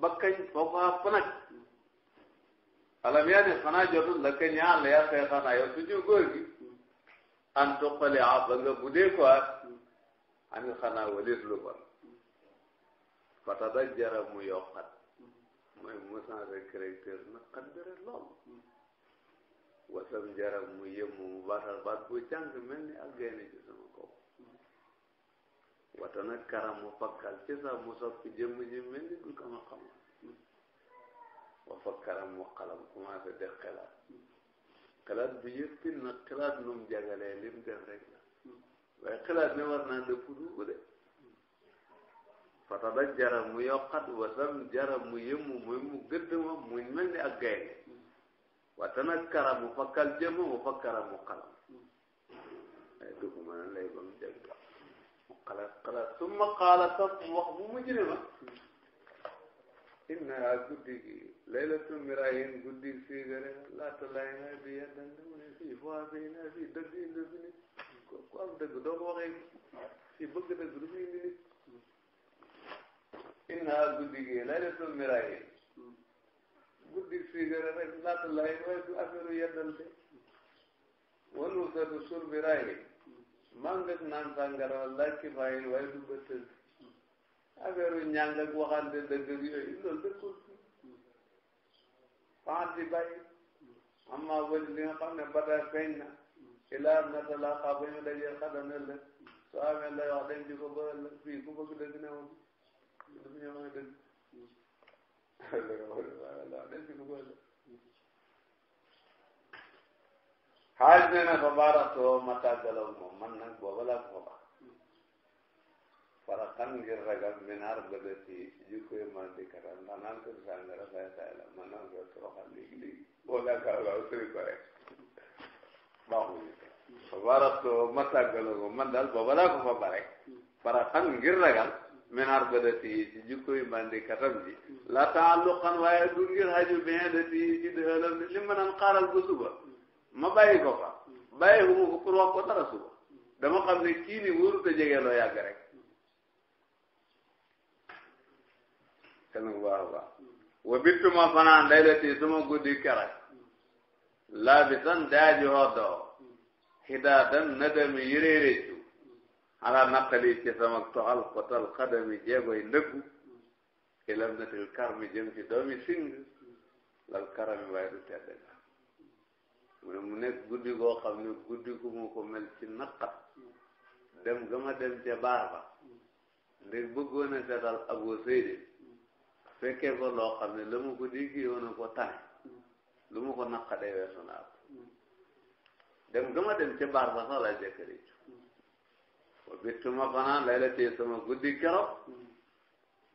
ba kañ foo ko xàpp nag alam yaa ni xanaa jotul la ka ñaar la yaa fee xanaa yow gi an tuqali a ba nga budee ko ak ani xanaa walis lu bon fatada jara mu yokkat mooy mu changé caractère na xandere lool wasam jara mu yëmmu mu batal baat bu jàng mel ni ak gaynde ci sama kaw watana karam mu fakkal ci sa mu soppi jëmm ji mel ni du kama xamal ba fakkara mu xalam commencé def xelaat xelaat bi yëpp nag xelaat nu mu jagalee lim def rek la waaye xelaat ne war naa dëpp dugg de fataba jaram mu yokkat wasam jaram mu yëmmu mu mu gëdd ma mu mel ni ak gaynde wata nag karam mu fakkal jëmm mu fakkara mu xalam waaye dugg ma nan lay ba mu jag mu xalaat xalaat summa xaala topp wax bu mujj ne ma inna yaa guddi gi laylatu mirayin guddi siigare laata lay na bi yendante mu ne fii fois bi na fii dëgg indi fi nit ku am dëgg doo ko waxee bëgg dëgg du fi indi inna guddi gi laylatu mirayin guddi siigare rek laata lay na du affaire yendante wan wusatu sur mirayin màngak naan sàngara laaj ki fayin waaye du bëttal affaire ñàng ak waxante dëgg ak yooyu loolu dëkkul faat di bay amma wëli li nga xam ne bada feeñ na ilaa na talaqa ba ñu dajee xadana la soo amee lay wax dañ di ko ba ëllëg fii ku bëgg dëgg ne woon dafa ñëw mooy dëgg dañ di ko ba ëllëg xaaj ne na fa baaraatoo ma tàggaloon moom man nag booba laa ko fa baax faraxan ngir ragal minaar bëgati jikkoy mandi katam ndax naan ko sàngara say say la mën naa ko toroxal léegi léegi boo jàkkaarloo sëri ko rek baaxuñu ko waratoo ma tàggaloo ko man daal booba laa fa bare faraxan ngir ragal minaar bëgati ci jikkoy mandi katam ji la taalluqan waaye du ngir haju bien de ti ci dëxalam li ma naan xaaral ba suba ma bàyyi ko fa bàyyi ko ko ko dara suba dama xam ne kii ni wóorut a jegeloo yàgg rek kenn bu baax a baax wa bittuma fanaan laylati suma guddi keroog laabisan daaji hoddoo xidaadan nadami yëree réccu ala naqali ci sama toxal xotal xadami jeegoy ndëggu ilam natil karmi jëm ci doomi sing lal karami waaye du tedd ga mu nekk guddi goo xam ne guddi gu mu ko mel ci naqat dem ga ma dem ca baar ba ndég bëggoon Abu Seydi fekkee ko loo xam ne la mu ko déggee woon na tane lu mu ko naqadee weesu naa ko dem gëma dem ca baar ba sax la jëkkëri wa bittuma fanaan lay la tee sama guddi keroog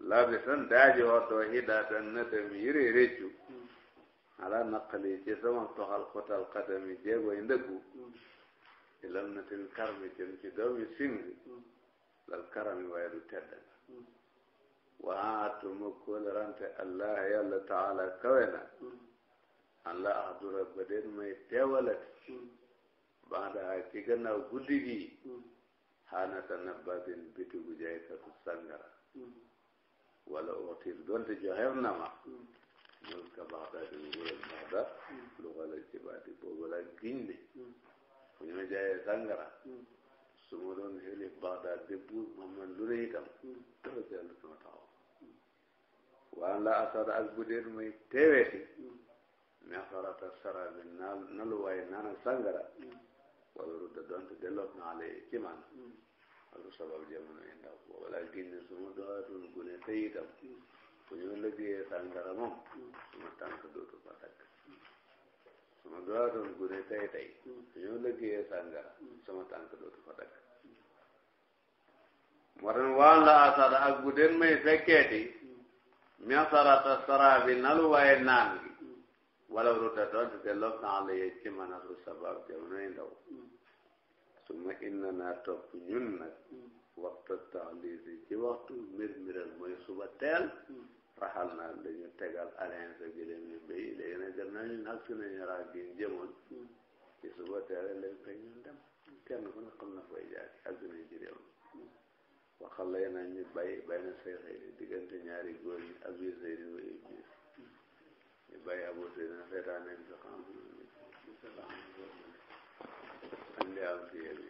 laa bisan daaji wattoo hidaatan na dem yëre réccu ala naqali ci sama toxal xotal xatami jéegoy ndëggu ilam na tin karmi jëm ci doomi sing lal karami waaye du tedd la waatuma kóolërante allah yàlla taala kawe na allah ahdura ba den may teewalati banda hay ci gannaaw guddi gi xaanata nabbadin bitigu jaykatu sangara wala ootil donte joxeef na ma mul ka baxdadi nguural baxda lu xala ci boobu la giñ fu ñu ma sangara su ma doon xelif baxdaad de buur ma man lu ne itam dara jàll sama taxaw waan la asara ak bu dee muy teeweeti mais farata sara bi naal naluwaay naan ak sàngara wala rudda donte delloot naa lay ci man alu sabab jamono yi ndaw wala génne su ma doxatul gune te itam bu ñu lëggee sàngara moom su ma tànk dootu fa takk su ma doxatul gune tey tey bu ñu lëggee sàngara sama tànk dootu fa moo tax waan la asara ak bu may fekkeeti min sarata sarabi nalu waaye naan gi wala ruta doonte te lof na ala yeg ci mën a su sabab jamonoy ndaw inna naa topp ñun nag waxtu taxlisi ci mooy suba teel raxal naa dañu tegal alens gëlëm ñu béy léegi nag na fooy jaar ak dinañ ci waxalay na ñu bàyyi bay na sayxayni diggante ñaari góor ñi abi sayrin wa iblis ñu bàyyi abu sayrin seetaan nañ am si yéen